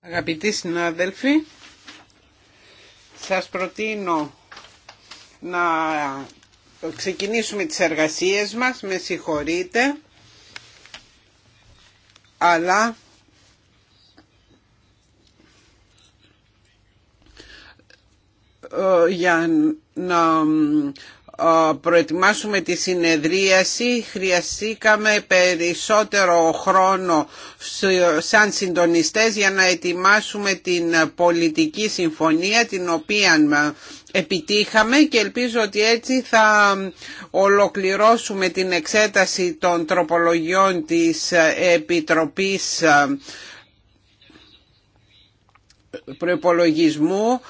Αγαπητοί συνάδελφοι, σας προτείνω να ξεκινήσουμε τις εργασίες μας, με συγχωρείτε, αλλά ε, για να προετοιμάσουμε τη συνεδρίαση χρειαστήκαμε περισσότερο χρόνο σαν συντονιστές για να ετοιμάσουμε την πολιτική συμφωνία την οποία επιτύχαμε και ελπίζω ότι έτσι θα ολοκληρώσουμε την εξέταση των τροπολογιών της Επιτροπής ε, Προπολογισμού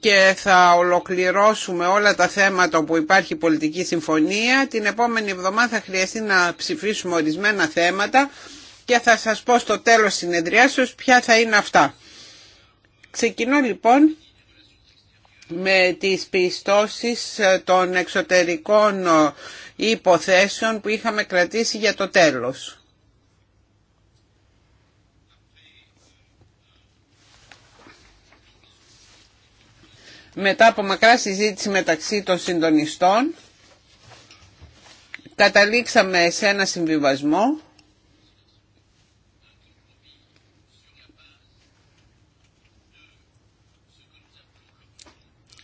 και θα ολοκληρώσουμε όλα τα θέματα όπου υπάρχει πολιτική συμφωνία. Την επόμενη εβδομάδα θα χρειαστεί να ψηφίσουμε ορισμένα θέματα και θα σας πω στο τέλος συνεδριάσεως ποια θα είναι αυτά. Ξεκινώ λοιπόν με τις πιστώσεις ε, των εξωτερικών ε, υποθέσεων που είχαμε κρατήσει για το τέλος. μετά από μακρά συζήτηση μεταξύ των συντονιστών καταλήξαμε σε ένα συμβιβασμό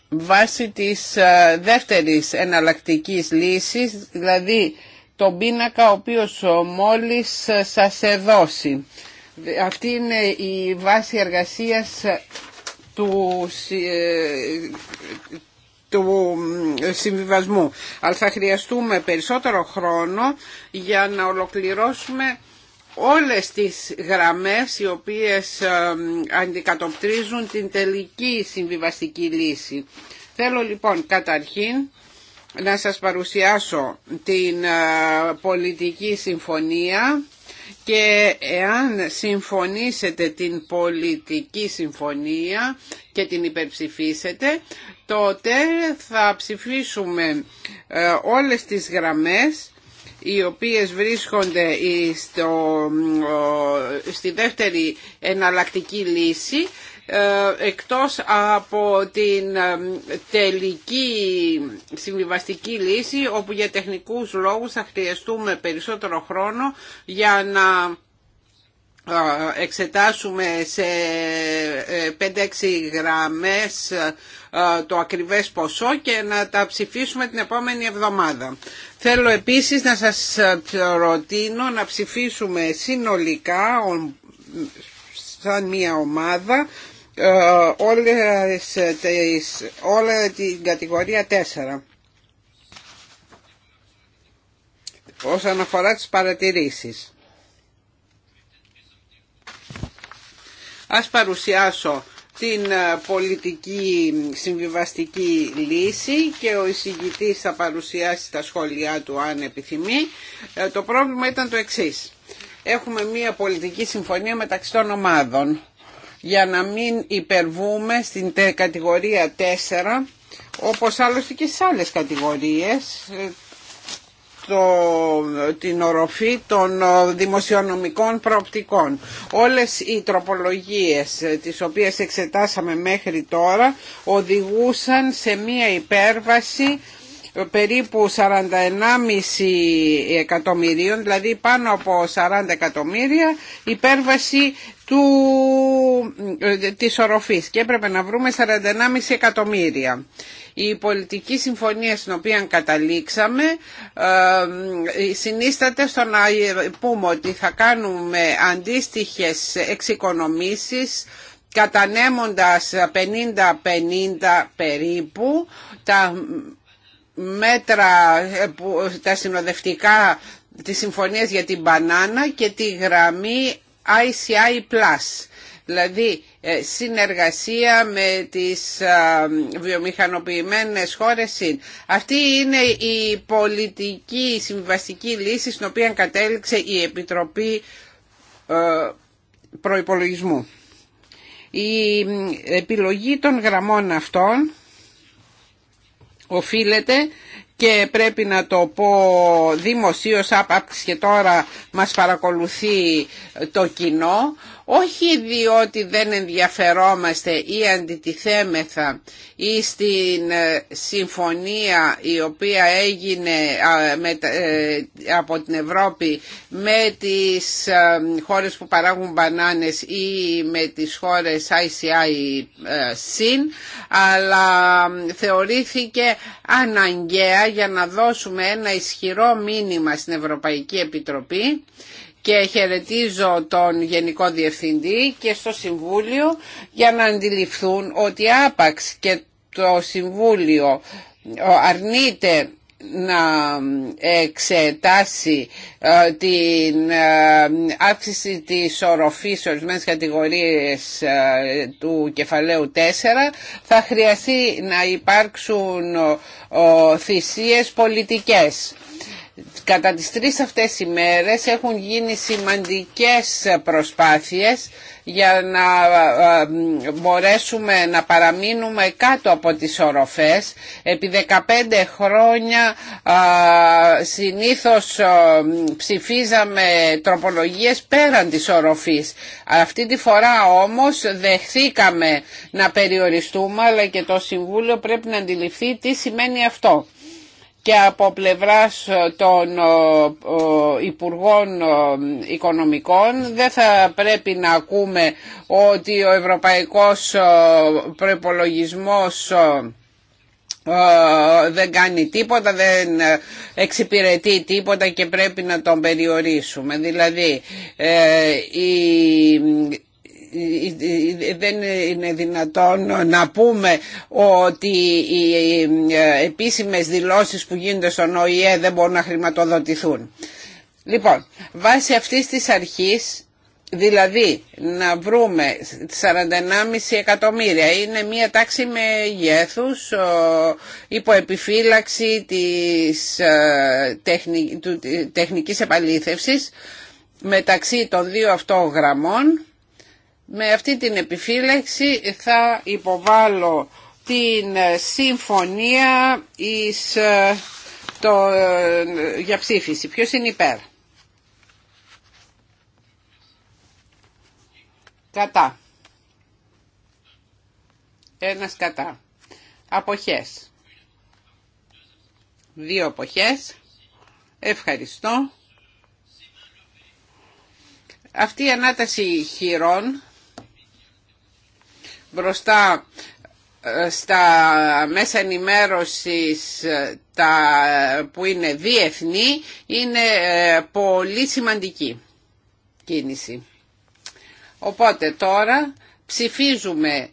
βάσει της ε, δεύτερης εναλλακτικής λύσης, δηλαδή τον πίνακα ο οποίος μόλις ε, σας έδώσει. Αυτή είναι η βάση εργασίας ε, του, ε, συμβιβασμού. Αλλά θα χρειαστούμε περισσότερο χρόνο για να ολοκληρώσουμε όλες τις γραμμές οι οποίες ε, αντικατοπτρίζουν την τελική συμβιβαστική λύση. Θέλω λοιπόν καταρχήν να σας παρουσιάσω την ε, πολιτική συμφωνία και εάν συμφωνήσετε την πολιτική συμφωνία και την υπερψηφίσετε τότε θα ψηφίσουμε ε, όλες τις γραμμές οι οποίες βρίσκονται στο, στη δεύτερη εναλλακτική λύση ε, εκτός από την ε, τελική συμβιβαστική λύση όπου για τεχνικούς λόγους θα χρειαστούμε περισσότερο χρόνο για να ε, εξετάσουμε σε 5-6 γραμμές το ακριβές ποσό και να τα ψηφίσουμε την επόμενη εβδομάδα. Θέλω επίσης να σας προτείνω να ψηφίσουμε συνολικά σαν μια ομάδα ε, όλες ε, τις, όλα την κατηγορία 4. Όσον αφορά τις παρατηρήσεις. Ας παρουσιάσω την ε, πολιτική συμβιβαστική λύση και ο εισηγητής θα παρουσιάσει τα σχόλιά του αν επιθυμεί. Το πρόβλημα ήταν το εξής. Έχουμε μία πολιτική συμφωνία μεταξύ των ομάδων για να μην υπερβούμε στην κατηγορία 4 όπως άλλωστε και σε άλλες κατηγορίες ε, το, την οροφή των ε, δημοσιονομικών προοπτικών. Όλες οι τροπολογίες ε, τις οποίες εξετάσαμε μέχρι τώρα οδηγούσαν σε μία υπέρβαση περίπου 41,5 εκατομμυρίων, δηλαδή πάνω από 40 εκατομμύρια, υπέρβαση του, ε, ε, της οροφής και έπρεπε να βρούμε 41,5 εκατομμύρια. Η πολιτική συμφωνία στην οποία καταλήξαμε ε, συνίσταται στο να πούμε ότι θα κάνουμε αντίστοιχες εξοικονομήσεις κατανέμοντας 50-50 περίπου τα μέτρα, τα συνοδευτικά της συμφωνίας για την μπανάνα και τη γραμμή ICI+. Plus, δηλαδή ε, συνεργασία με τις βιομηχανοποιημένες χώρες. Αυτή είναι η πολιτική συμβαστική λύση στην οποία κατέληξε η Επιτροπή ε, Προϋπολογισμού. Η ε, επιλογή των γραμμών αυτών οφείλεται και πρέπει να το πω δημοσίως, άπαξ και τώρα μας παρακολουθεί το κοινό, όχι διότι δεν ενδιαφερόμαστε ή αντιτιθέμεθα ή στην ε, συμφωνία η οποία έγινε ε, από την Ευρώπη με τις ε, χώρες που παράγουν μπανάνες ή με τις χώρες ICI συν αλλά θεωρήθηκε αναγκαία για να δώσουμε ένα ισχυρό μήνυμα στην Ευρωπαϊκή Επιτροπή και χαιρετίζω τον Γενικό Διευθυντή και στο Συμβούλιο για να αντιληφθούν ότι άπαξ και το Συμβούλιο αρνείται να ε, εξετάσει ε, την ε, αύξηση της οροφής ορισμένες κατηγορίες του κεφαλαίου 4 θα χρειαστεί να υπάρξουν θυσίες πολιτικές Κατά τις τρεις αυτές ημέρες έχουν γίνει σημαντικές προσπάθειες για να ε, μπορέσουμε να παραμείνουμε κάτω από τις οροφές. Επί 15 χρόνια ε, συνήθως ε, ψηφίζαμε τροπολογίες πέραν της οροφής. Αυτή τη φορά όμως δεχθήκαμε να περιοριστούμε αλλά και το Συμβούλιο πρέπει να αντιληφθεί τι σημαίνει αυτό και από πλευράς ε, των ε, Υπουργών ε, Οικονομικών δεν θα πρέπει να ακούμε ότι ο ευρωπαϊκός προϋπολογισμός δεν κάνει τίποτα, δεν εξυπηρετεί τίποτα και πρέπει να τον περιορίσουμε. Δηλαδή δεν είναι δυνατόν να πούμε ότι οι επίσημες δηλώσεις που γίνονται στον ΟΗΕ δεν μπορούν να χρηματοδοτηθούν. Λοιπόν, βάσει αυτής της αρχής Δηλαδή να βρούμε 41,5 εκατομμύρια είναι μια τάξη γέθους υπό επιφύλαξη της τεχνικής επαλήθευσης μεταξύ των δύο αυτών γραμμών με αυτή την επιφύλαξη θα υποβάλω την συμφωνία εις, ε, το, ε, για ψήφιση. Ποιος είναι υπέρ. Κατά. Ένας κατά. Αποχές. Δύο αποχές. Ευχαριστώ. Αυτή η ανάταση χειρών μπροστά ε, στα μέσα ενημέρωσης ε, τα ε, που είναι διεθνή είναι πολύ σημαντική κίνηση. Οπότε τώρα ψηφίζουμε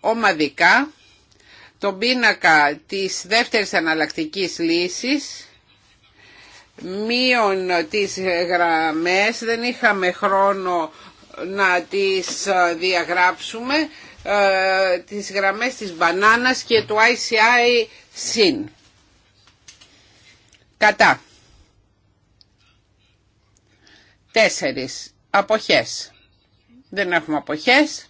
ομαδικά τον πίνακα της δεύτερης αναλλακτικής λύσης μείον τις γραμμές δεν είχαμε χρόνο να τις ε, διαγράψουμε ε, τις γραμμές της μπανάνας και του ICI συν. Κατά. Τέσσερις. Αποχές. Δεν έχουμε αποχές.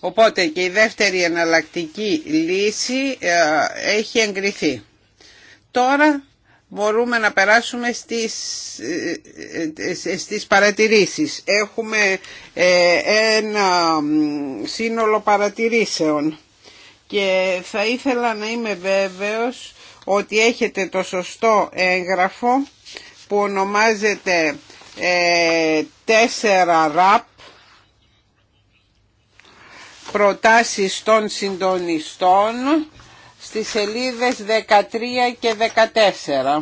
Οπότε και η δεύτερη εναλλακτική λύση ε, έχει εγκριθεί. Τώρα μπορούμε να περάσουμε στις, ε, ε, στις παρατηρήσεις. Έχουμε ε, ένα σύνολο παρατηρήσεων και θα ήθελα να είμαι βέβαιος ότι έχετε το σωστό έγγραφο που ονομάζεται 4RAP προτάσεις των συντονιστών στις σελίδες 13 και 14.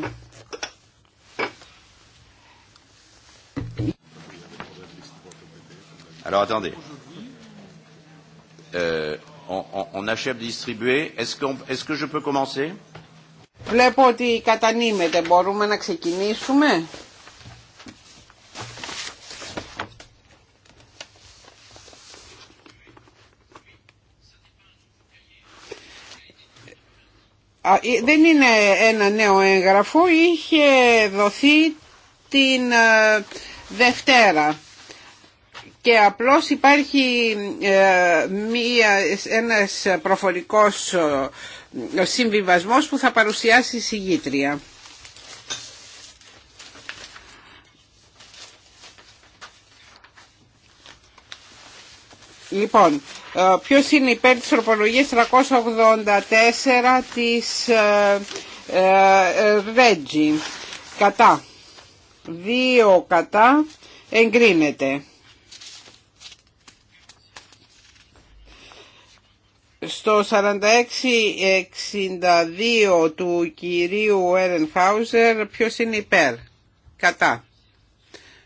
Alors attendez. Euh, on, on, on achève de distribuer. Est-ce que, est que je peux commencer Βλέπω ότι κατανείμεται. Μπορούμε να ξεκινήσουμε. Ε, δεν είναι ένα νέο έγγραφο, είχε δοθεί την ε, Δευτέρα και απλώς υπάρχει ε, μία, ένας προφορικός συμβιβασμός που θα παρουσιάσει η συγγήτρια. Λοιπόν, ε, ποιο είναι υπέρ τη τροπολογία 384 τη Ρέτζι. Κατά. Δύο κατά. Εγκρίνεται. Στο 4662 του κυρίου Έρενχάουζερ ποιος είναι υπέρ. Κατά.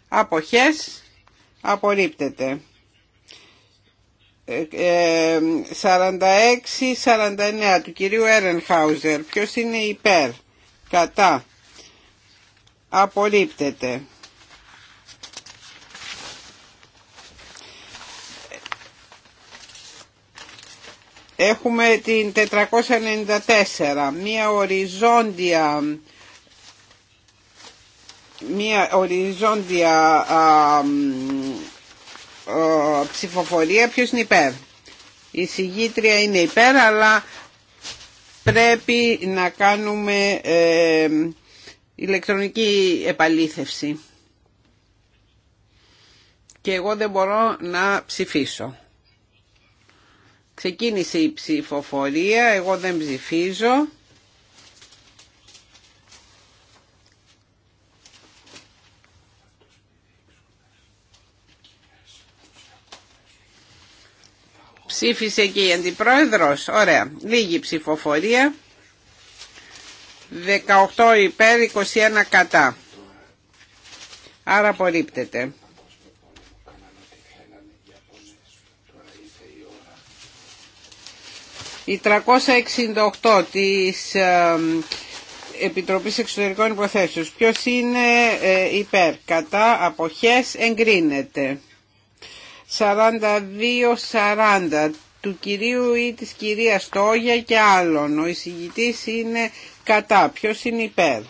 Αποχές. Απορρίπτεται. 46-49 ε, ε, του κυρίου Έρενχάουζερ. Ποιος είναι υπέρ, κατά, απορρίπτεται. Έχουμε την 494, μία οριζόντια, μία οριζόντια α, ε, ψηφοφορία ποιος είναι υπέρ. Η συγγήτρια είναι υπέρ αλλά πρέπει να κάνουμε ε, ηλεκτρονική επαλήθευση. Και εγώ δεν μπορώ να ψηφίσω. Ξεκίνησε η ψηφοφορία, εγώ δεν ψηφίζω. Ψήφισε και η Αντιπρόεδρος. Ωραία. Λίγη ψηφοφορία. 18 υπέρ, 21 κατά. Άρα απορρίπτεται. Η 368 της ε, Επιτροπής Εξωτερικών Υποθέσεων. Ποιος είναι ε, υπέρ, κατά, αποχές, εγκρίνεται. 42-40 του κυρίου ή της κυρίας Τόγια και άλλων. Ο εισηγητής είναι κατά. Ποιος είναι υπέρ.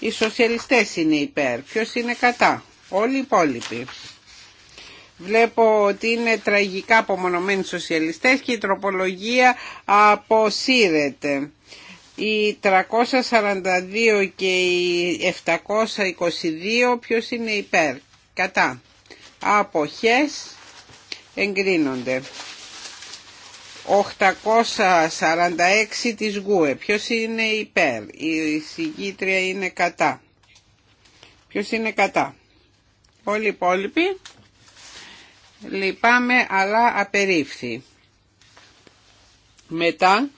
Οι σοσιαλιστές είναι υπέρ. Ποιος είναι κατά. Όλοι οι υπόλοιποι. Βλέπω ότι είναι τραγικά απομονωμένοι σοσιαλιστές και η τροπολογία αποσύρεται. Οι 342 και οι 722 ποιος είναι υπέρ. Αποχές εγκρίνονται. 846 της ΓΟΕ. Ποιος είναι υπέρ. Η συγκήτρια είναι κατά. Ποιος είναι κατά. Όλοι οι υπόλοιποι. Λυπάμαι αλλά απερίφθη. Μετά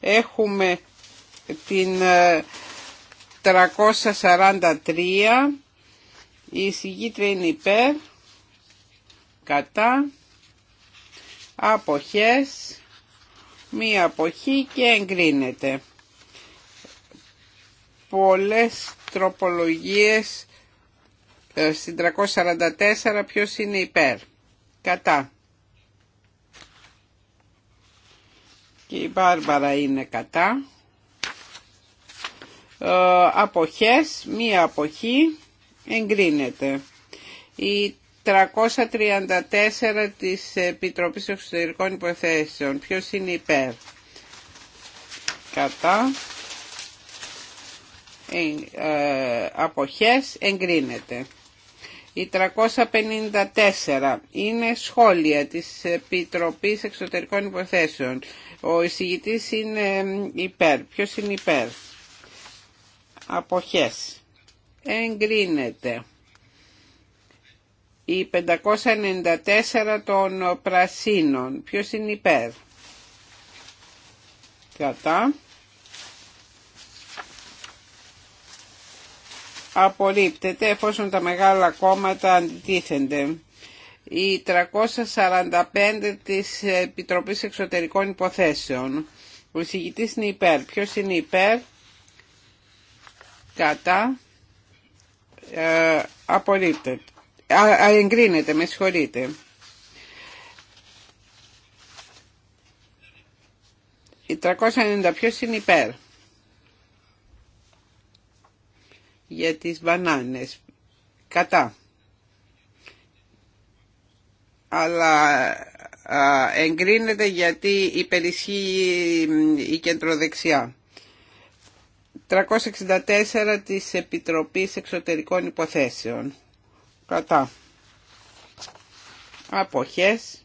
έχουμε την 343 ε, η εισηγήτρια είναι υπέρ, κατά, αποχές, μία αποχή και εγκρίνεται. Πολλές τροπολογίες ε, στην 344 ποιος είναι υπέρ, κατά. Και η Μπάρμπαρα είναι κατά. Ε, αποχές, μία αποχή εγκρίνεται. Η 334 της Επιτροπής Εξωτερικών Υποθέσεων. Ποιος είναι υπέρ. Κατά. Ε, ε αποχές εγκρίνεται. Η 354 είναι σχόλια της Επιτροπής Εξωτερικών Υποθέσεων. Ο εισηγητής είναι ε, υπέρ. Ποιος είναι υπέρ. Αποχές εγκρίνεται. Η 594 των πρασίνων. Ποιος είναι υπέρ. Κατά. Απορρίπτεται εφόσον τα μεγάλα κόμματα αντιτίθενται. Η 345 της Επιτροπής Εξωτερικών Υποθέσεων. Ο εισηγητής είναι υπέρ. Ποιος είναι υπέρ. Κατά. Ε, απορρίπτεται. Α, με συγχωρείτε. Η 390 ποιος είναι υπέρ. Για τις μπανάνες. Κατά. Αλλά εγκρίνεται γιατί υπερισχύει η κεντροδεξιά. 364 της Επιτροπής Εξωτερικών Υποθέσεων. Κατά. Αποχές.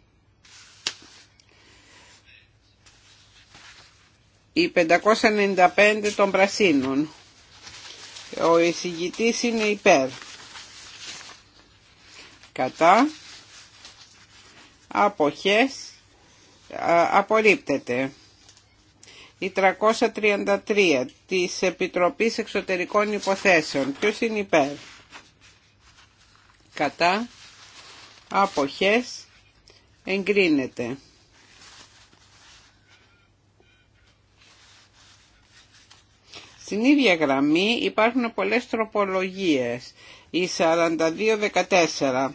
Η 595 των Πρασίνων. Ο εισηγητής είναι υπέρ. Κατά. Αποχές. Απορρίπτεται η 333 της Επιτροπής Εξωτερικών Υποθέσεων. Ποιος είναι υπέρ. Κατά. Αποχές. Εγκρίνεται. Στην ίδια γραμμή υπάρχουν πολλές τροπολογίες. Η 4214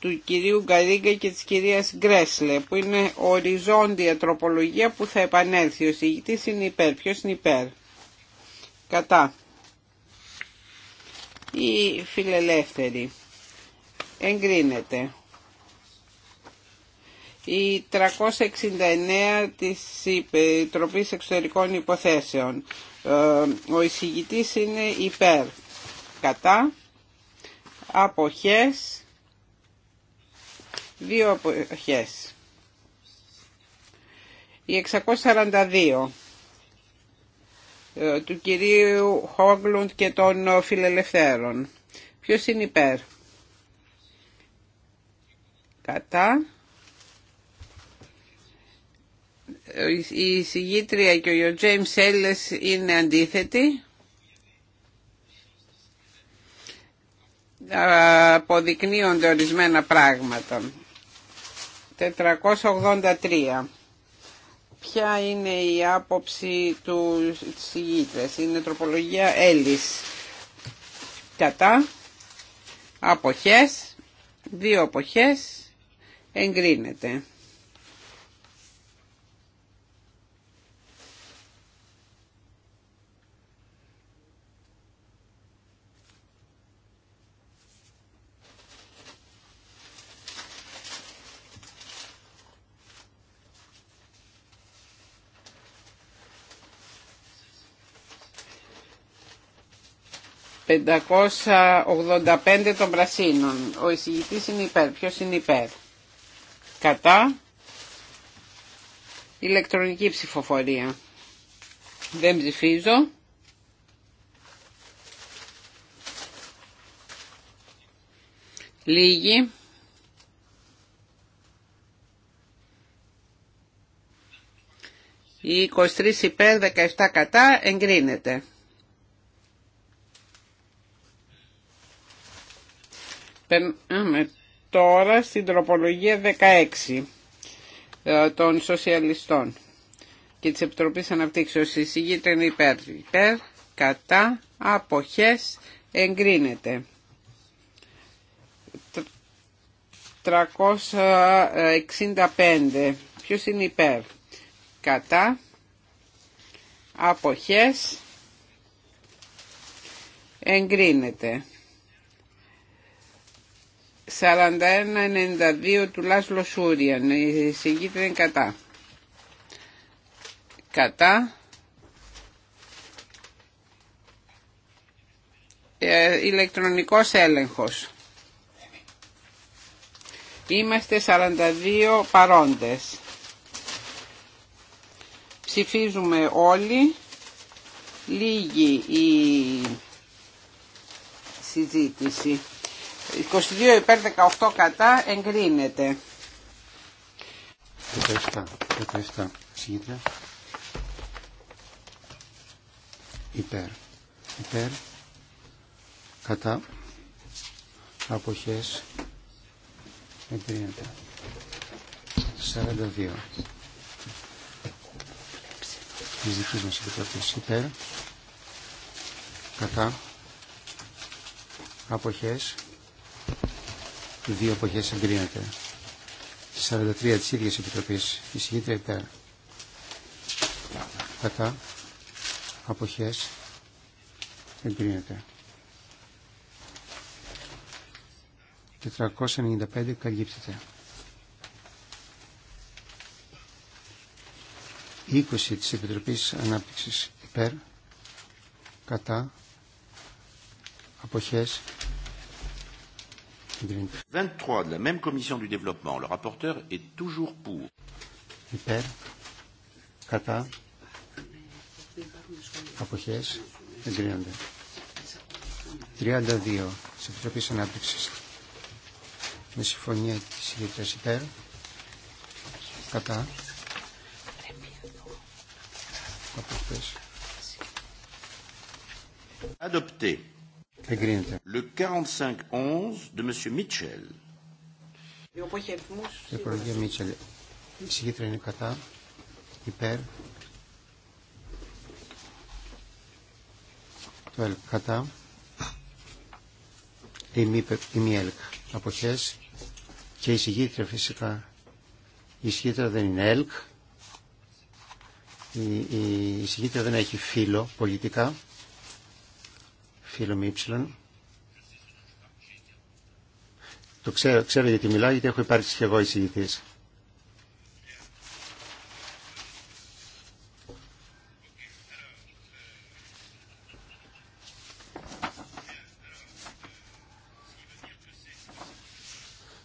του κυρίου Γκαρίγκα και της κυρίας Γκρέσλε που είναι οριζόντια τροπολογία που θα επανέλθει. Ο συγητής είναι υπέρ. Ποιος είναι υπέρ. Κατά. Η φιλελεύθερη. Εγκρίνεται. Η 369 της τροπής Εξωτερικών Υποθέσεων. Ε, ο εισηγητής είναι υπέρ. Κατά. Αποχές Δύο αποχές. Η 642 ε, του κυρίου Χόγκλουντ και των φιλελευθέρων. Ποιος είναι υπέρ. Κατά. Η συγγήτρια και ο James Έλλες είναι αντίθετοι. Αποδεικνύονται ορισμένα πράγματα. 483. Ποια είναι η άποψη του συγγήτρες. Είναι τροπολογία Έλλης. Κατά. Αποχές. Δύο αποχές. Εγκρίνεται. 585 των πρασίνων. Ο εισηγητής είναι υπέρ. Ποιος είναι υπέρ. Κατά. Ηλεκτρονική ψηφοφορία. Δεν ψηφίζω. Λίγοι. Οι 23 υπέρ, 17 κατά εγκρίνεται. Περνάμε τώρα στην τροπολογία 16 ε, των σοσιαλιστών και της Επιτροπής Αναπτύξεως. Η συγγήτρια είναι υπέρ. Υπέρ, κατά, αποχές, εγκρίνεται. 365. Ποιος είναι υπέρ. Κατά. Αποχές. Εγκρίνεται. 41-92 του Λάσλο Σούριαν. Η συγκίτρια είναι κατά. Κατά. Ε, ηλεκτρονικός έλεγχος. Είμαστε 42 παρόντες. Ψηφίζουμε όλοι. Λίγη η συζήτηση. 22 υπέρ 18 κατά εγκρίνεται. 17. Υπέρ. Υπέρ. Κατά. Αποχές. Εγκρίνεται. 42. Της δικής μας επιτροπής. Υπέρ. Κατά. Αποχές δύο εποχές Στις 43 της ίδιας επιτροπής, εισηγήτρια υπέρ. Κατά αποχές εγκρίνεται. 495 καλύπτεται. 20 της Επιτροπής Ανάπτυξης υπέρ, κατά, αποχές, 23 de la même commission du développement, le rapporteur est toujours pour. Super. κατά, αποχές, εγκρίνονται. 32 της Επιτροπής Ανάπτυξης. Με συμφωνία της ηγετίας υπέρ, κατά, αποχές. Adopté. Εγκρίνεται. Le 45 de Monsieur Mitchell. Η Μίτσελ. συγκίτρια είναι κατά. Υπέρ. Το ΕΛΚ κατά. Η μη, Και η συγκίτρια φυσικά. Η συγκίτρια δεν είναι ΕΛΚ. Η, συγκίτρια δεν έχει φίλο πολιτικά φίλο Το ξέρω, ξέρω γιατί μιλάω, γιατί έχω υπάρξει και εγώ εισηγητή.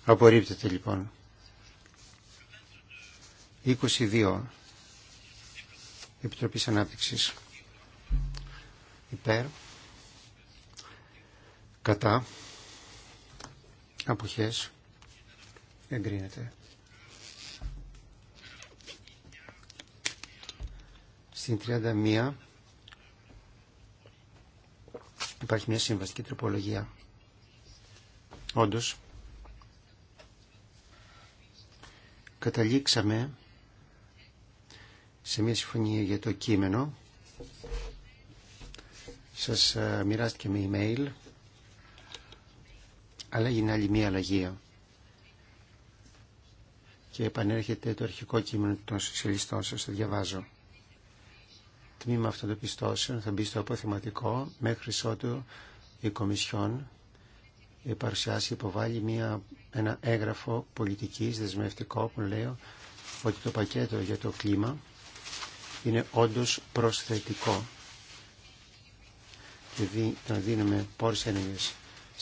Απορρίπτεται λοιπόν. 22. Επιτροπής Ανάπτυξης. Υπέρ κατά αποχές εγκρίνεται. Στην 31 υπάρχει μια συμβαστική τροπολογία. Όντως, καταλήξαμε σε μια συμφωνία για το κείμενο. Σας ε, μοιράστηκε με email αλλά έγινε άλλη μία αλλαγή. Και επανέρχεται το αρχικό κείμενο των σοσιαλιστών, σας το διαβάζω. Τμήμα αυτών των πιστώσεων θα μπει στο αποθεματικό μέχρι ότου η Κομισιόν η υποβάλλει μια, ένα έγγραφο πολιτικής δεσμευτικό που λέω ότι το πακέτο για το κλίμα είναι όντως προσθετικό. Δηλαδή να δίνουμε πόρες ένεργες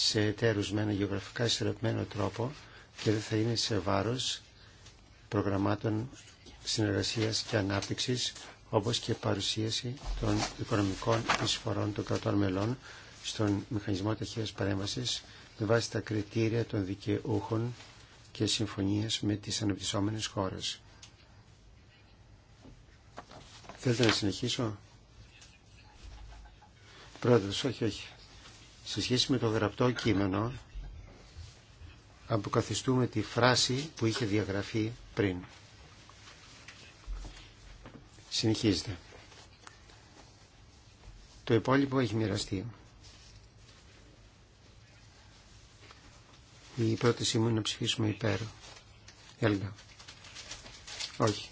σε εταίρους με ένα γεωγραφικά ισορροπημένο τρόπο και δεν θα είναι σε βάρος προγραμμάτων συνεργασίας και ανάπτυξης όπως και παρουσίαση των οικονομικών εισφορών των κρατών μελών στον Μηχανισμό Ταχείας Παρέμβασης με βάση τα κριτήρια των δικαιούχων και συμφωνίες με τις αναπτυσσόμενες χώρες. Θέλετε να συνεχίσω? Πρόεδρος, όχι, όχι σε σχέση με το γραπτό κείμενο αποκαθιστούμε τη φράση που είχε διαγραφεί πριν. Συνεχίζεται. Το υπόλοιπο έχει μοιραστεί. Η πρότασή μου είναι να ψηφίσουμε υπέρ. Έλεγα. Όχι.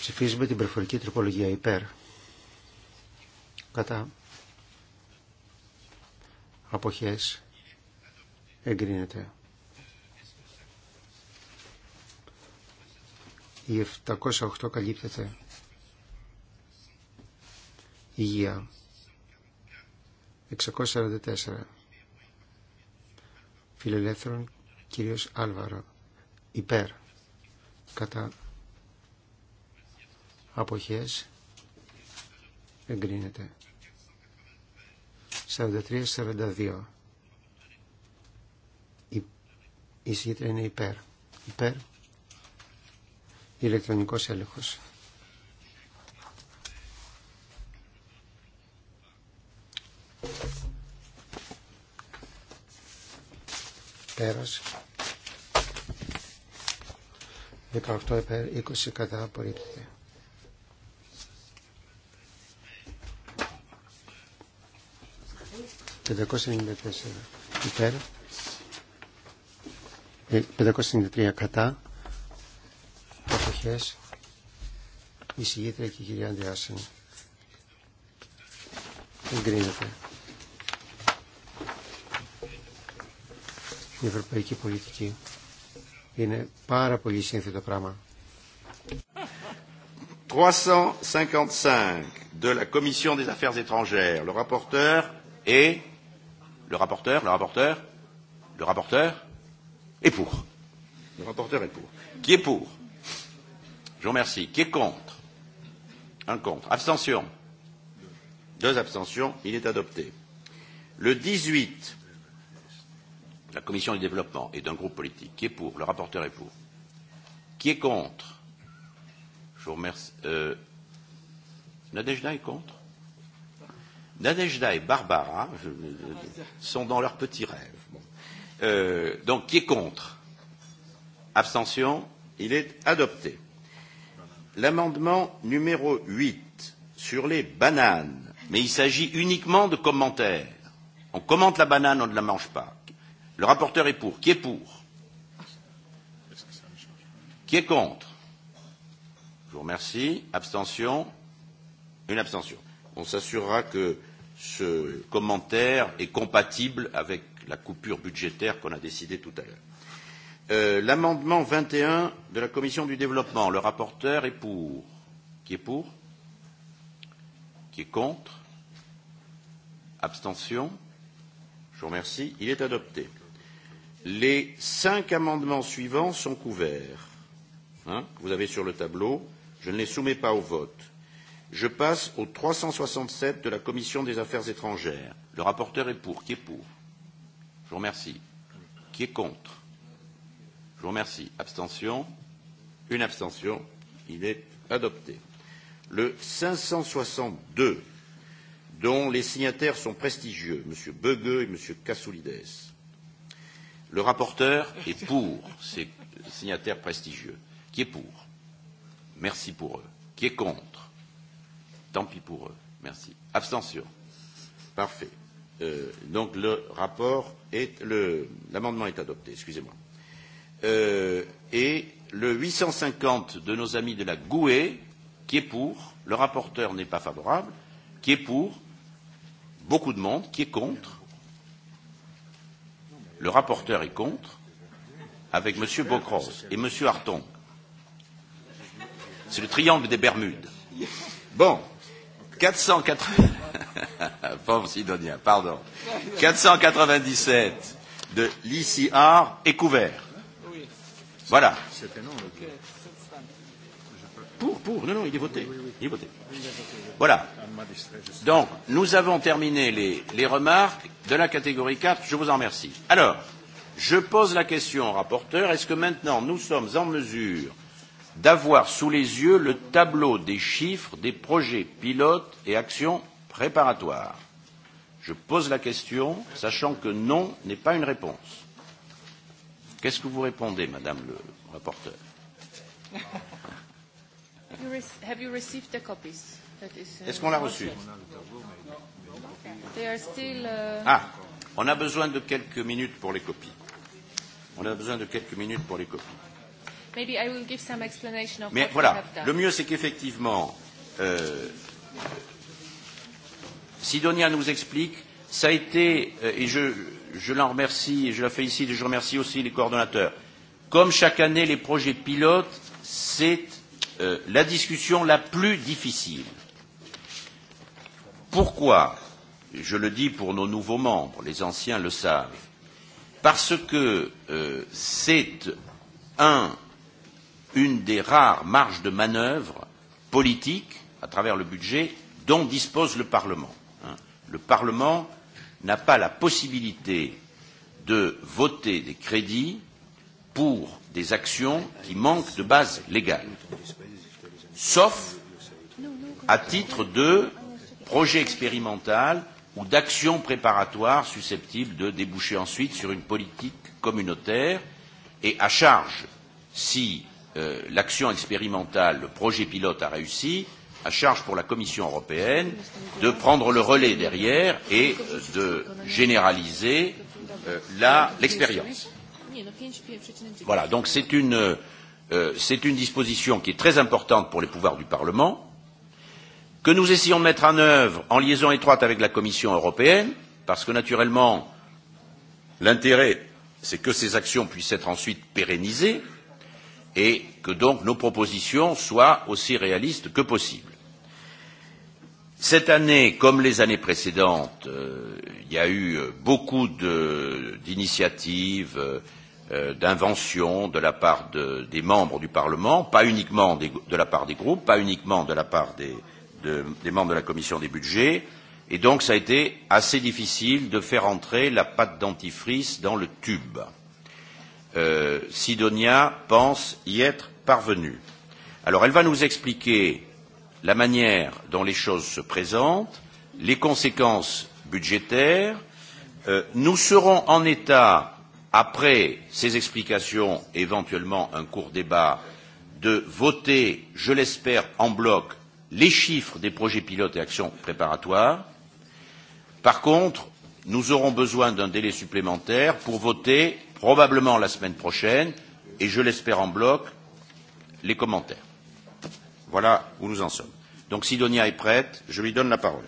Ψηφίζουμε την προφορική τροπολογία υπέρ. Κατά αποχές εγκρίνεται. Η 708 καλύπτεται. Υγεία. 644. Φιλελεύθερον κύριος Άλβαρο. Υπέρ. Κατά αποχές εγκρίνεται. 43-42. Η, η είναι υπέρ. Υπέρ. Ηλεκτρονικός έλεγχος. Πέρας. 18 υπέρ, 20 κατά απορρίπτεται. 594 υπέρ 593 ε, κατά προσοχές, η συγγήτρια και η κυρία Αντιάσεν εγκρίνεται η ευρωπαϊκή πολιτική είναι πάρα πολύ σύνθετο πράγμα 355 de la Commission des Affaires étrangères. Le rapporteur est Le rapporteur, le rapporteur, le rapporteur est pour. Le rapporteur est pour. Qui est pour Je vous remercie. Qui est contre Un contre. Abstention Deux abstentions. Il est adopté. Le 18, la Commission du développement est d'un groupe politique. Qui est pour Le rapporteur est pour. Qui est contre Je vous remercie. Euh, Nadejda est contre Nadejda et Barbara sont dans leurs petits rêves. Donc, qui est contre Abstention. Il est adopté. L'amendement numéro 8 sur les bananes. Mais il s'agit uniquement de commentaires. On commente la banane, on ne la mange pas. Le rapporteur est pour. Qui est pour Qui est contre Je vous remercie. Abstention. Une abstention. On s'assurera que ce commentaire est compatible avec la coupure budgétaire qu'on a décidée tout à l'heure. L'amendement 21 de la Commission du développement, le rapporteur est pour. Qui est pour Qui est contre Abstention Je vous remercie. Il est adopté. Les cinq amendements suivants sont couverts. Vous avez sur le tableau. Je ne les soumets pas au vote. Je passe au 367 de la Commission des affaires étrangères. Le rapporteur est pour. Qui est pour Je vous remercie. Qui est contre Je vous remercie. Abstention Une abstention. Il est adopté. Le 562, dont les signataires sont prestigieux, M. Böge et M. Kassoulides. Le rapporteur est pour ces signataires prestigieux. Qui est pour Merci pour eux. Qui est contre Tant pis pour eux. Merci. Abstention. Parfait. donc le rapport est l'amendement est adopté, excusez-moi. Euh, et le 850 de nos amis de la GUE, qui est pour, le rapporteur n'est pas favorable, qui est pour, beaucoup de monde, qui est contre, le rapporteur est contre, avec M. Bocros et M. Harton. C'est le triangle des Bermudes. Bon, Pauvre pardon. 497 de l'ICR est couvert. Voilà. Pour, pour, non, non, il est voté. Il est voté. Voilà. Donc, nous avons terminé les, les remarques de la catégorie 4. Je vous en remercie. Alors, je pose la question au rapporteur. Est-ce que maintenant, nous sommes en mesure d'avoir sous les yeux le tableau des chiffres des projets pilotes et actions préparatoires. Je pose la question, sachant que non n'est pas une réponse. Qu'est-ce que vous répondez, Madame le rapporteur Est-ce qu'on l'a reçu Ah, on a besoin de quelques minutes pour les copies. On a besoin de quelques minutes pour les copies. Maybe I will give some explanation of Mais what voilà, done. le mieux c'est qu'effectivement, Sidonia nous explique, ça a été, et je, je l'en remercie, et je la félicite, et je remercie aussi les coordonnateurs. Comme chaque année, les projets pilotes, c'est la discussion la plus difficile. Pourquoi Je le dis pour nos nouveaux membres, les anciens le savent. Parce que c'est un une des rares marges de manœuvre politique, à travers le budget, dont dispose le Parlement. Le Parlement n'a pas la possibilité de voter des crédits pour des actions qui manquent de base légale, sauf à titre de projet expérimental ou d'action préparatoire susceptible de déboucher ensuite sur une politique communautaire et à charge, si l'action expérimentale, le projet pilote a réussi, à charge pour la Commission européenne de prendre le relais derrière et de généraliser l'expérience. Voilà, donc c'est une disposition qui est très importante pour les pouvoirs du Parlement, que nous essayons de mettre en œuvre en liaison étroite avec la Commission européenne, parce que naturellement, l'intérêt, c'est que ces actions puissent être ensuite pérennisées et que donc nos propositions soient aussi réalistes que possible. Cette année, comme les années précédentes, il y a eu beaucoup d'initiatives, d'inventions de la part des membres du Parlement, pas uniquement de la part des groupes, pas uniquement de la part des membres de la Commission des budgets, et donc ça a été assez difficile de faire entrer la pâte dentifrice dans le tube. Sidonia pense y être parvenue. Alors elle va nous expliquer la manière dont les choses se présentent, les conséquences budgétaires. Nous serons en état, après ces explications, éventuellement un court débat, de voter, je l'espère, en bloc les chiffres des projets pilotes et actions préparatoires. Par contre, nous aurons besoin d'un délai supplémentaire pour voter probablement la semaine prochaine, et je l'espère en bloc, les commentaires. Voilà où nous en sommes. Donc Sidonia est prête, je lui donne la parole.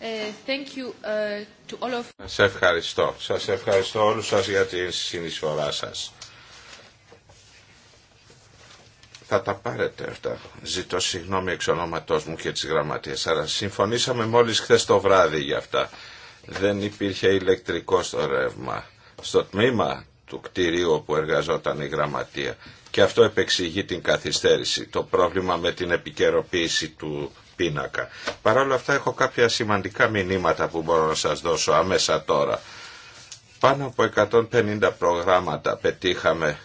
Eh, eh, ευχαριστώ. Σας ευχαριστώ όλους σας για την συνεισφορά σας. Θα τα πάρετε αυτά. Ζητώ συγγνώμη εξ ονόματός μου και της γραμματείας. Αλλά συμφωνήσαμε μόλις χθες το βράδυ για αυτά. Δεν υπήρχε ηλεκτρικό στο ρεύμα στο τμήμα του κτηρίου όπου εργαζόταν η γραμματεία. Και αυτό επεξηγεί την καθυστέρηση, το πρόβλημα με την επικαιροποίηση του πίνακα. Παρ' όλα αυτά έχω κάποια σημαντικά μηνύματα που μπορώ να σας δώσω άμεσα τώρα. Πάνω από 150 προγράμματα πετύχαμε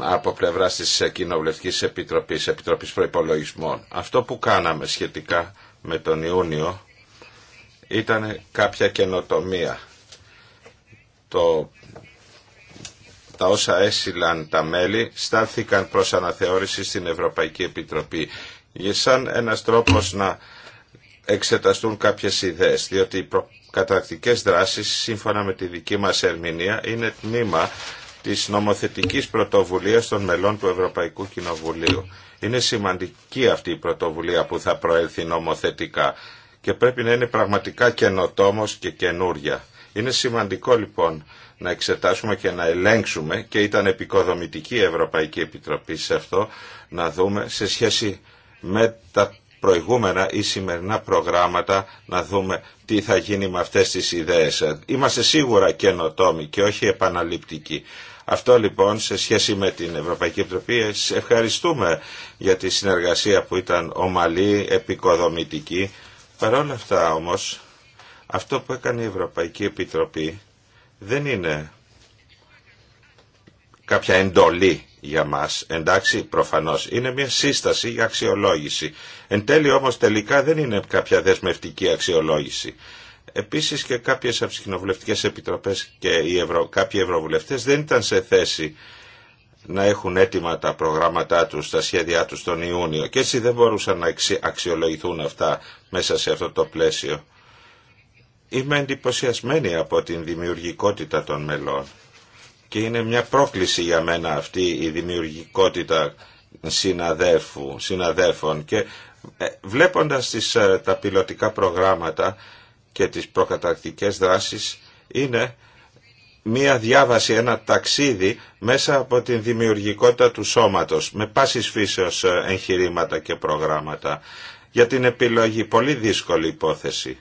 από πλευρά τη Κοινοβουλευτική Επιτροπή, Επιτροπή Προπολογισμών. Αυτό που κάναμε σχετικά με τον Ιούνιο ήταν κάποια καινοτομία τα όσα έσυλαν τα μέλη στάθηκαν προς αναθεώρηση στην Ευρωπαϊκή Επιτροπή για σαν ένας τρόπος να εξεταστούν κάποιες ιδέες, διότι οι προκαταρκτικές δράσεις, σύμφωνα με τη δική μας ερμηνεία, είναι τμήμα της νομοθετικής πρωτοβουλίας των μελών του Ευρωπαϊκού Κοινοβουλίου. Είναι σημαντική αυτή η πρωτοβουλία που θα προέλθει νομοθετικά και πρέπει να είναι πραγματικά καινοτόμος και καινούρια. Είναι σημαντικό λοιπόν να εξετάσουμε και να ελέγξουμε και ήταν επικοδομητική η Ευρωπαϊκή Επιτροπή σε αυτό να δούμε σε σχέση με τα προηγούμενα ή σημερινά προγράμματα να δούμε τι θα γίνει με αυτές τις ιδέες. Είμαστε σίγουρα καινοτόμοι και όχι επαναληπτικοί. Αυτό λοιπόν σε σχέση με την Ευρωπαϊκή Επιτροπή ευχαριστούμε για τη συνεργασία που ήταν ομαλή, επικοδομητική. Παρ' όλα αυτά όμως αυτό που έκανε η Ευρωπαϊκή Επιτροπή δεν είναι κάποια εντολή για μας, εντάξει, προφανώς. Είναι μια σύσταση για αξιολόγηση. Εν τέλει όμως τελικά δεν είναι κάποια δεσμευτική αξιολόγηση. Επίσης και κάποιες αψυχινοβουλευτικές επιτροπές και οι Ευρω... κάποιοι ευρωβουλευτές δεν ήταν σε θέση να έχουν έτοιμα τα προγράμματά τους, τα σχέδιά τους τον Ιούνιο και έτσι δεν μπορούσαν να αξιολογηθούν αυτά μέσα σε αυτό το πλαίσιο. Είμαι εντυπωσιασμένη από την δημιουργικότητα των μελών και είναι μια πρόκληση για μένα αυτή η δημιουργικότητα συναδέφου, συναδέφων και ε, βλέποντας τις, ε, τα πιλωτικά προγράμματα και τις προκαταρκτικές δράσεις είναι μία διάβαση, ένα ταξίδι μέσα από την δημιουργικότητα του σώματος με πάσης φύσεως ε, εγχειρήματα και προγράμματα για την επιλογή, πολύ δύσκολη υπόθεση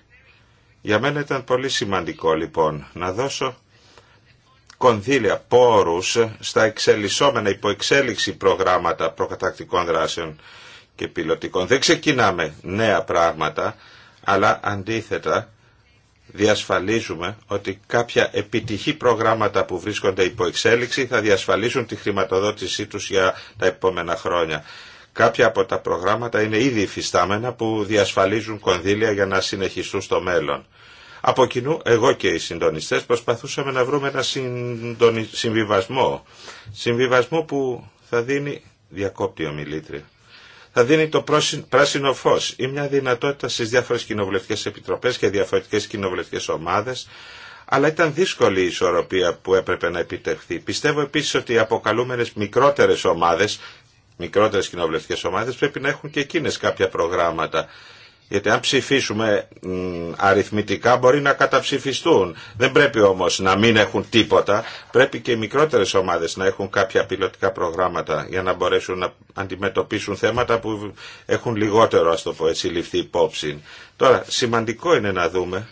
για μένα ήταν πολύ σημαντικό λοιπόν να δώσω κονδύλια, πόρους στα εξελισσόμενα υποεξέλιξη προγράμματα προκατακτικών δράσεων και πιλωτικών. Δεν ξεκινάμε νέα πράγματα, αλλά αντίθετα διασφαλίζουμε ότι κάποια επιτυχή προγράμματα που βρίσκονται υποεξέλιξη θα διασφαλίσουν τη χρηματοδότησή τους για τα επόμενα χρόνια. Κάποια από τα προγράμματα είναι ήδη υφιστάμενα που διασφαλίζουν κονδύλια για να συνεχιστούν στο μέλλον. Από κοινού, εγώ και οι συντονιστές προσπαθούσαμε να βρούμε ένα συμβιβασμό. Συμβιβασμό που θα δίνει, διακόπτει θα δίνει το πράσινο φως ή μια δυνατότητα στις διάφορες κοινοβουλευτικές επιτροπές και διαφορετικές κοινοβουλευτικές ομάδες αλλά ήταν δύσκολη η ισορροπία που έπρεπε να επιτευχθεί. Πιστεύω επίσης ότι οι αποκαλούμενες μικρότερες ομάδες μικρότερες κοινοβουλευτικές ομάδες πρέπει να έχουν και εκείνες κάποια προγράμματα. Γιατί αν ψηφίσουμε αριθμητικά μπορεί να καταψηφιστούν. Δεν πρέπει όμως να μην έχουν τίποτα. Πρέπει και οι μικρότερες ομάδες να έχουν κάποια πιλωτικά προγράμματα για να μπορέσουν να αντιμετωπίσουν θέματα που έχουν λιγότερο, ας το πω έτσι, ληφθεί υπόψη. Τώρα, σημαντικό είναι να δούμε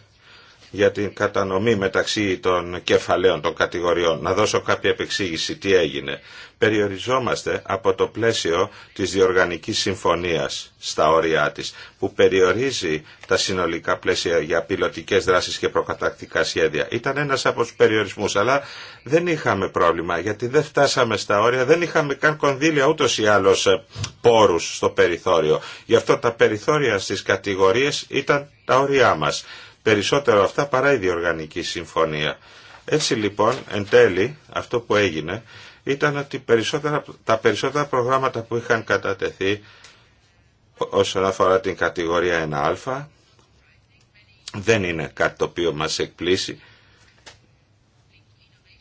για την κατανομή μεταξύ των κεφαλαίων των κατηγοριών. Να δώσω κάποια επεξήγηση τι έγινε. Περιοριζόμαστε από το πλαίσιο της διοργανικής συμφωνίας στα όρια της, που περιορίζει τα συνολικά πλαίσια για πιλωτικές δράσεις και προκατακτικά σχέδια. Ήταν ένας από τους περιορισμούς, αλλά δεν είχαμε πρόβλημα, γιατί δεν φτάσαμε στα όρια, δεν είχαμε καν κονδύλια ούτως ή άλλως ε, πόρους στο περιθώριο. Γι' αυτό τα περιθώρια στις κατηγορίες ήταν τα όρια μας περισσότερο αυτά παρά η διοργανική συμφωνία. Έτσι λοιπόν, εν τέλει, αυτό που έγινε ήταν ότι περισσότερα, τα περισσότερα προγράμματα που είχαν κατατεθεί όσον αφορά την κατηγορία 1α δεν είναι κάτι το οποίο μας εκπλήσει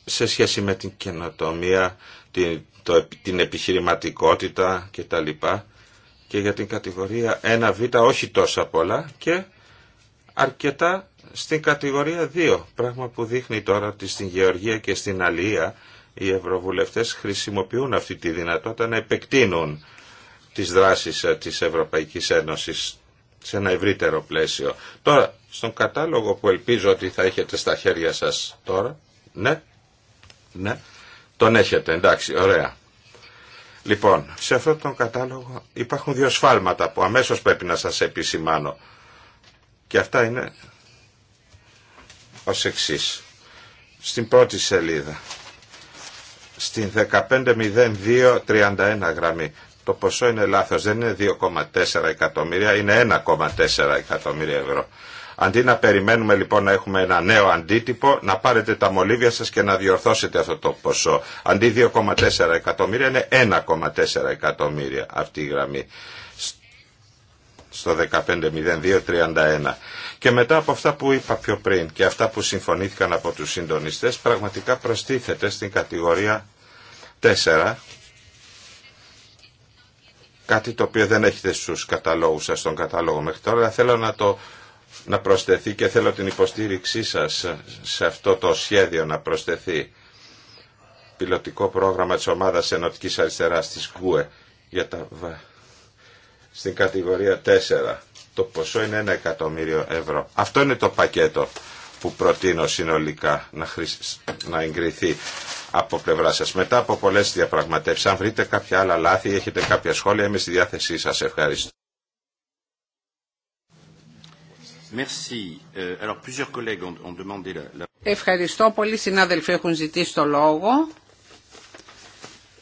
σε σχέση με την καινοτομία, την, την επιχειρηματικότητα κτλ. Και για την κατηγορία 1β όχι τόσα πολλά και αρκετά στην κατηγορία 2, πράγμα που δείχνει τώρα ότι στην Γεωργία και στην Αλία οι ευρωβουλευτές χρησιμοποιούν αυτή τη δυνατότητα να επεκτείνουν τις δράσεις ε, της Ευρωπαϊκής Ένωσης σε ένα ευρύτερο πλαίσιο. Τώρα, στον κατάλογο που ελπίζω ότι θα έχετε στα χέρια σας τώρα, ναι, ναι, τον έχετε, εντάξει, ωραία. Λοιπόν, σε αυτόν τον κατάλογο υπάρχουν δύο σφάλματα που αμέσως πρέπει να σας επισημάνω. Και αυτά είναι ως εξή. Στην πρώτη σελίδα, στην 150231 γραμμή, το ποσό είναι λάθος, δεν είναι 2,4 εκατομμύρια, είναι 1,4 εκατομμύρια ευρώ. Αντί να περιμένουμε λοιπόν να έχουμε ένα νέο αντίτυπο, να πάρετε τα μολύβια σας και να διορθώσετε αυτό το ποσό. Αντί 2,4 εκατομμύρια είναι 1,4 εκατομμύρια αυτή η γραμμή στο 150231. Και μετά από αυτά που είπα πιο πριν και αυτά που συμφωνήθηκαν από τους συντονιστές, πραγματικά προστίθεται στην κατηγορία 4, κάτι το οποίο δεν έχετε στους καταλόγους σας, στον κατάλογο μέχρι τώρα, θέλω να το να προσθεθεί και θέλω την υποστήριξή σας σε αυτό το σχέδιο να προσθεθεί πιλωτικό πρόγραμμα της ομάδας Ενωτικής Αριστεράς της ΓΟΕ για τα στην κατηγορία 4. Το ποσό είναι 1 εκατομμύριο ευρώ. Αυτό είναι το πακέτο που προτείνω συνολικά να, χρησ... να εγκριθεί από πλευρά σας. Μετά από πολλές διαπραγματεύσεις, αν βρείτε κάποια άλλα λάθη, έχετε κάποια σχόλια, είμαι στη διάθεσή σας. Ευχαριστώ. Ευχαριστώ. Πολλοί συνάδελφοι έχουν ζητήσει το λόγο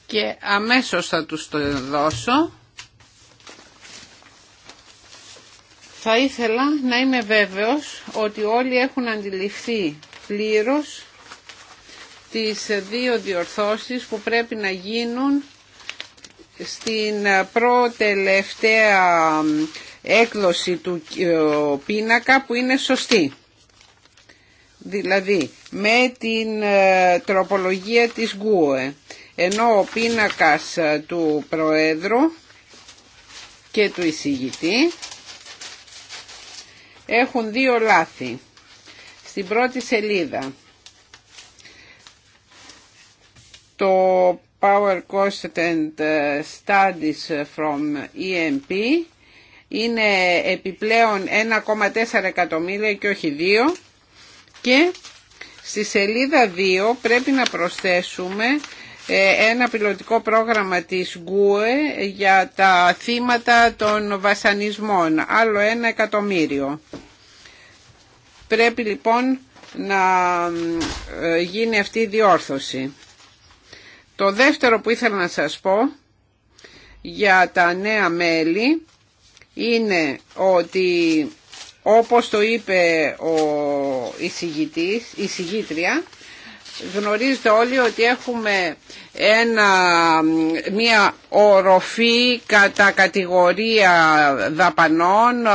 και αμέσως θα τους το δώσω. Θα ήθελα να είμαι βέβαιος ότι όλοι έχουν αντιληφθεί πλήρως τις δύο διορθώσεις που πρέπει να γίνουν στην προτελευταία έκδοση του ε, πίνακα που είναι σωστή. Δηλαδή με την ε, τροπολογία της Γκούε ενώ ο πίνακας ε, του Προέδρου και του εισηγητή έχουν δύο λάθη. Στην πρώτη σελίδα το Power Cost and Studies from EMP είναι επιπλέον 1,4 εκατομμύρια και όχι 2 και στη σελίδα 2 πρέπει να προσθέσουμε ε, ένα πιλωτικό πρόγραμμα της ΓΚΟΕ για τα θύματα των βασανισμών, άλλο ένα εκατομμύριο. Πρέπει λοιπόν να ε, γίνει αυτή η διόρθωση. Το δεύτερο που ήθελα να σας πω για τα νέα μέλη είναι ότι όπως το είπε ο εισηγητής, η συγγητρία Γνωρίζετε όλοι ότι έχουμε ένα, μια οροφή κατά κατηγορία δαπανών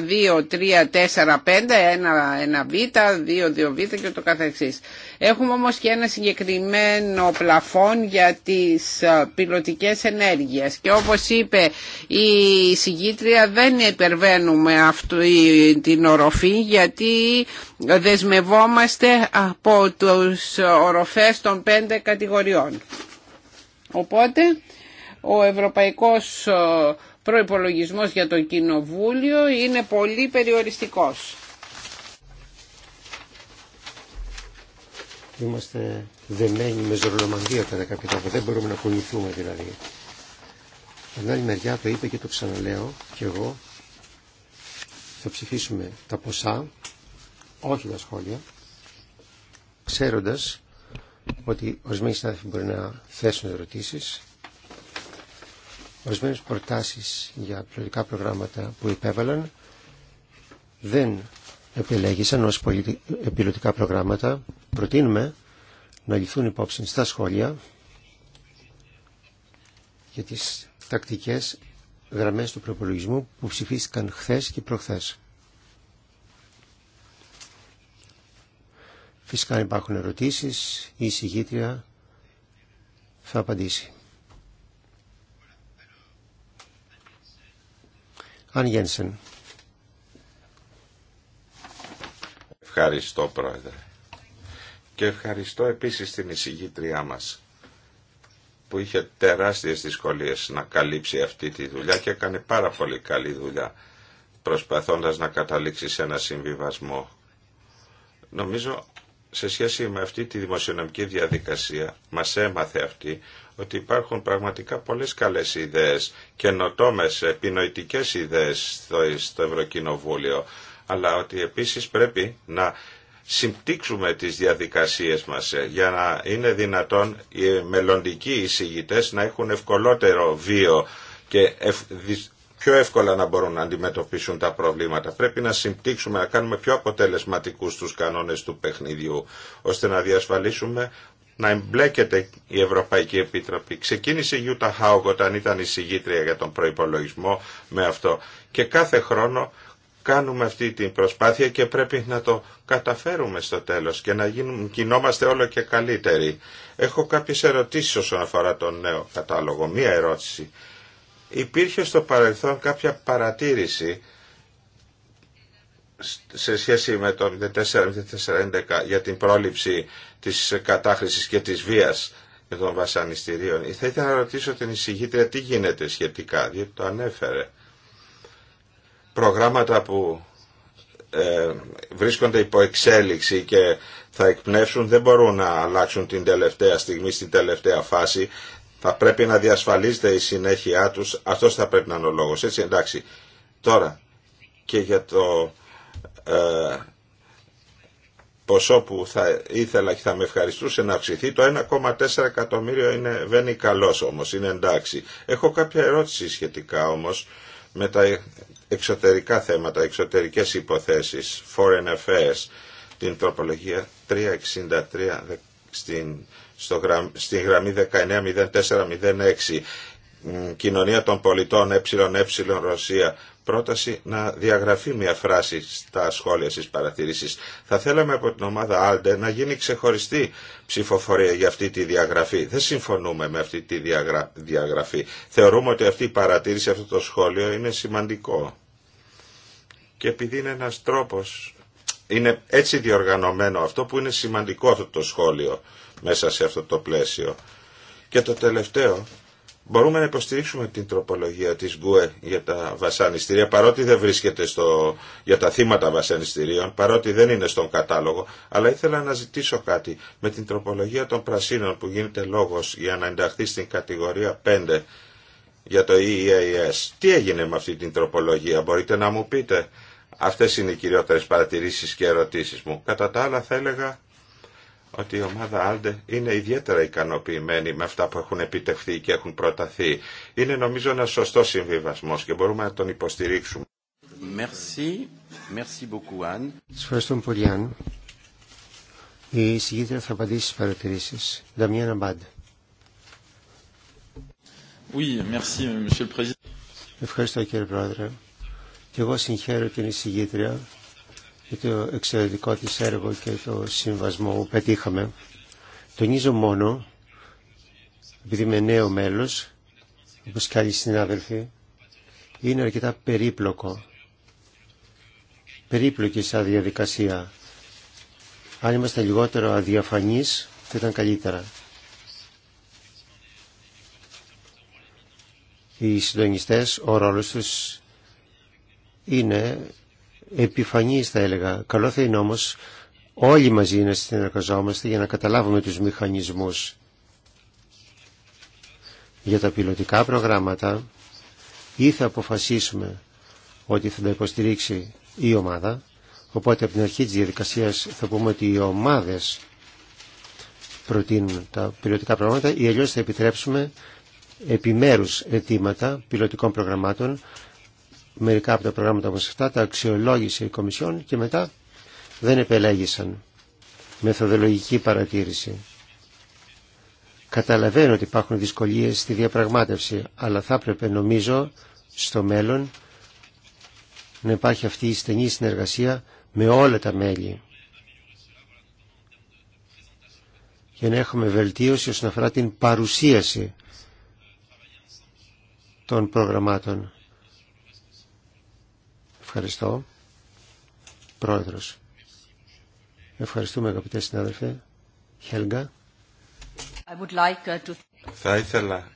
1, 2, 3, 4, 5, 1, 1 β, 2, 2 β και το καθεξής. Έχουμε όμως και ένα συγκεκριμένο πλαφόν για τις ε, πιλωτικές ενέργειες και όπως είπε η συγκήτρια δεν υπερβαίνουμε αυτή την οροφή γιατί δεσμευόμαστε από τους οροφές των πέντε κατηγοριών. Οπότε ο ευρωπαϊκός ε, προϋπολογισμός για το Κοινοβούλιο είναι πολύ περιοριστικός. Είμαστε δεμένοι με ζωρολομανδία κατά κάποιο τρόπο. Δεν μπορούμε να κουνηθούμε δηλαδή. Από την άλλη μεριά το είπε και το ξαναλέω και εγώ. Θα ψηφίσουμε τα ποσά, όχι τα σχόλια, ξέροντας ότι ορισμένοι συνάδελφοι μπορεί να θέσουν ερωτήσεις, ορισμένες προτάσεις για πλωτικά προγράμματα που υπέβαλαν δεν επιλέγησαν ως επιλωτικά προγράμματα προτείνουμε να ληφθούν υπόψη στα σχόλια για τις τακτικές γραμμές του προπολογισμού που ψηφίστηκαν χθες και προχθές. Φυσικά αν υπάρχουν ερωτήσεις, η συγγήτρια θα απαντήσει. Αν Γένσεν. Ευχαριστώ πρόεδρε. Και ευχαριστώ επίσης την εισηγήτριά μας που είχε τεράστιες δυσκολίες να καλύψει αυτή τη δουλειά και έκανε πάρα πολύ καλή δουλειά προσπαθώντας να καταλήξει σε ένα συμβιβασμό. Νομίζω σε σχέση με αυτή τη δημοσιονομική διαδικασία μας έμαθε αυτή ότι υπάρχουν πραγματικά πολλές καλές ιδέες, καινοτόμες, επινοητικές ιδέες στο, στο Ευρωκοινοβούλιο, αλλά ότι επίσης πρέπει να συμπτύξουμε τις διαδικασίες μας ε, για να είναι δυνατόν οι μελλοντικοί εισηγητές να έχουν ευκολότερο βίο και πιο εύκολα να μπορούν να αντιμετωπίσουν τα προβλήματα. Πρέπει να συμπτύξουμε, να κάνουμε πιο αποτελεσματικούς τους κανόνες του παιχνιδιού, ώστε να διασφαλίσουμε να εμπλέκεται η Ευρωπαϊκή Επίτροπη. Ξεκίνησε η Utah Χάουγκ όταν ήταν εισηγήτρια για τον προϋπολογισμό με αυτό. Και κάθε χρόνο κάνουμε αυτή την προσπάθεια και πρέπει να το καταφέρουμε στο τέλος και να γίνουμε, όλο και καλύτεροι. Έχω κάποιες ερωτήσεις όσον αφορά τον νέο κατάλογο. Μία ερώτηση. Υπήρχε στο παρελθόν κάποια παρατήρηση σε σχέση με το 04 για την πρόληψη της κατάχρησης και της βίας των βασανιστήριων. Θα ήθελα να ρωτήσω την εισηγήτρια τι γίνεται σχετικά, διότι το ανέφερε προγράμματα που ε, βρίσκονται υπό εξέλιξη και θα εκπνεύσουν δεν μπορούν να αλλάξουν την τελευταία στιγμή, στην τελευταία φάση. Θα πρέπει να διασφαλίζεται η συνέχειά τους. Αυτός θα πρέπει να είναι ο λόγος. Έτσι εντάξει. Τώρα και για το ε, ποσό που θα ήθελα και θα με ευχαριστούσε να αυξηθεί το 1,4 εκατομμύριο είναι, δεν είναι καλός όμως, είναι εντάξει. Έχω κάποια ερώτηση σχετικά όμως με τα εξωτερικά θέματα, εξωτερικές υποθέσεις, foreign affairs, την τροπολογία 363 στην, στο γραμ, στην γραμμή 190406 κοινωνία των πολιτών ΕΕ Ρωσία πρόταση να διαγραφεί μια φράση στα σχόλια στις παρατηρήσεις. Θα θέλαμε από την ομάδα Άλτε να γίνει ξεχωριστή ψηφοφορία για αυτή τη διαγραφή. Δεν συμφωνούμε με αυτή τη διαγραφή. Θεωρούμε ότι αυτή η παρατήρηση, αυτό το σχόλιο είναι σημαντικό. Και επειδή είναι ένας τρόπος, είναι έτσι διοργανωμένο αυτό που είναι σημαντικό αυτό το σχόλιο μέσα σε αυτό το πλαίσιο. Και το τελευταίο Μπορούμε να υποστηρίξουμε την τροπολογία της ΓΚΟΕ για τα βασανιστήρια, παρότι δεν βρίσκεται στο, για τα θύματα βασανιστήριων, παρότι δεν είναι στον κατάλογο, αλλά ήθελα να ζητήσω κάτι. Με την τροπολογία των πρασίνων που γίνεται λόγος για να ενταχθεί στην κατηγορία 5 για το EEAS, τι έγινε με αυτή την τροπολογία, μπορείτε να μου πείτε. Αυτές είναι οι κυριότερες παρατηρήσεις και ερωτήσεις μου. Κατά τα άλλα θα έλεγα ότι η ομάδα Άλντε είναι ιδιαίτερα ικανοποιημένη με αυτά που έχουν επιτευχθεί και έχουν προταθεί. Είναι νομίζω ένα σωστό συμβιβασμό και μπορούμε να τον υποστηρίξουμε. Merci. Merci beaucoup, Anne. Σας ευχαριστώ πολύ, Αν. Η συγγύτρια θα απαντήσει στις παρατηρήσεις. Δαμιάν Αμπάντ. Oui, merci, Monsieur le Président. Ευχαριστώ, κύριε Πρόεδρε. Και εγώ συγχαίρω την εισηγήτρια και το εξαιρετικό της έργο και το συμβασμό που πετύχαμε. Τονίζω μόνο, επειδή είμαι νέο μέλος, όπως και άλλοι συνάδελφοι, είναι αρκετά περίπλοκο. Περίπλοκη σαν διαδικασία. Αν είμαστε λιγότερο αδιαφανείς, θα ήταν καλύτερα. Οι συντονιστές, ο ρόλος τους είναι επιφανής θα έλεγα. Καλό θα είναι όμως όλοι μαζί να συνεργαζόμαστε για να καταλάβουμε τους μηχανισμούς για τα πιλωτικά προγράμματα ή θα αποφασίσουμε ότι θα τα υποστηρίξει η ομάδα οπότε από την αρχή της διαδικασίας θα πούμε ότι οι ομάδες προτείνουν τα πιλωτικά προγράμματα ή αλλιώς θα επιτρέψουμε επιμέρους αιτήματα πιλωτικών προγραμμάτων μερικά από τα προγράμματα όπως αυτά τα αξιολόγησε η Κομισιόν και μετά δεν επελέγησαν. Μεθοδολογική παρατήρηση. Καταλαβαίνω ότι υπάρχουν δυσκολίες στη διαπραγμάτευση, αλλά θα έπρεπε νομίζω στο μέλλον να υπάρχει αυτή η στενή συνεργασία με όλα τα μέλη. Για να έχουμε βελτίωση όσον αφορά την παρουσίαση των προγραμμάτων. Ευχαριστώ. Πρόεδρος. Ευχαριστούμε αγαπητέ συνάδελφε. Χέλγα. Uh, Θα ήθελα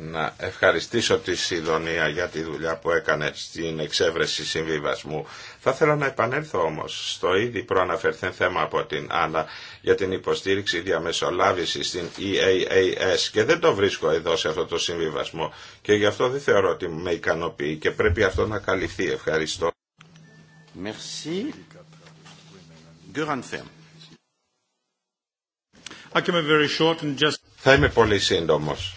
να ευχαριστήσω τη Σιδονία για τη δουλειά που έκανε στην εξέβρεση συμβιβασμού. Θα θέλω να επανέλθω όμως στο ήδη προαναφερθέν θέμα από την Άννα για την υποστήριξη διαμεσολάβηση στην EAAS και δεν το βρίσκω εδώ σε αυτό το συμβιβασμό και γι' αυτό δεν θεωρώ ότι με ικανοποιεί και πρέπει αυτό να καλυφθεί. Ευχαριστώ. Merci. Θα είμαι πολύ σύντομος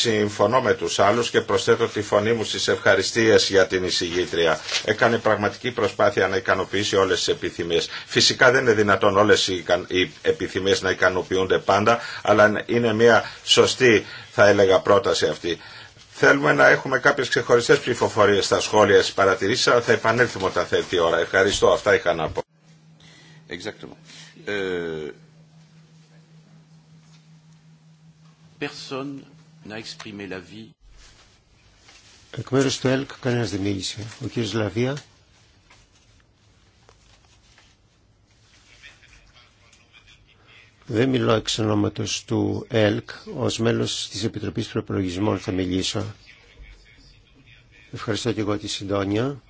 συμφωνώ με τους άλλους και προσθέτω τη φωνή μου στις ευχαριστίες για την εισηγήτρια. Έκανε πραγματική προσπάθεια να ικανοποιήσει όλες τις επιθυμίες. Φυσικά δεν είναι δυνατόν όλες οι επιθυμίες να ικανοποιούνται πάντα, αλλά είναι μια σωστή θα έλεγα πρόταση αυτή. Θέλουμε να έχουμε κάποιες ξεχωριστές ψηφοφορίες στα σχόλια στις παρατηρήσεις, αλλά θα επανέλθουμε όταν έρθει η ώρα. Ευχαριστώ, αυτά είχα να πω. Ε, personne Εκ μέρους του ΕΛΚ κανένας δεν μίλησε. Ο κύριος Λαβία. Δεν μιλώ εξ ονόματος του ΕΛΚ. Ως μέλος της Επιτροπής Προπολογισμών θα μιλήσω. Ευχαριστώ και εγώ τη Συντόνια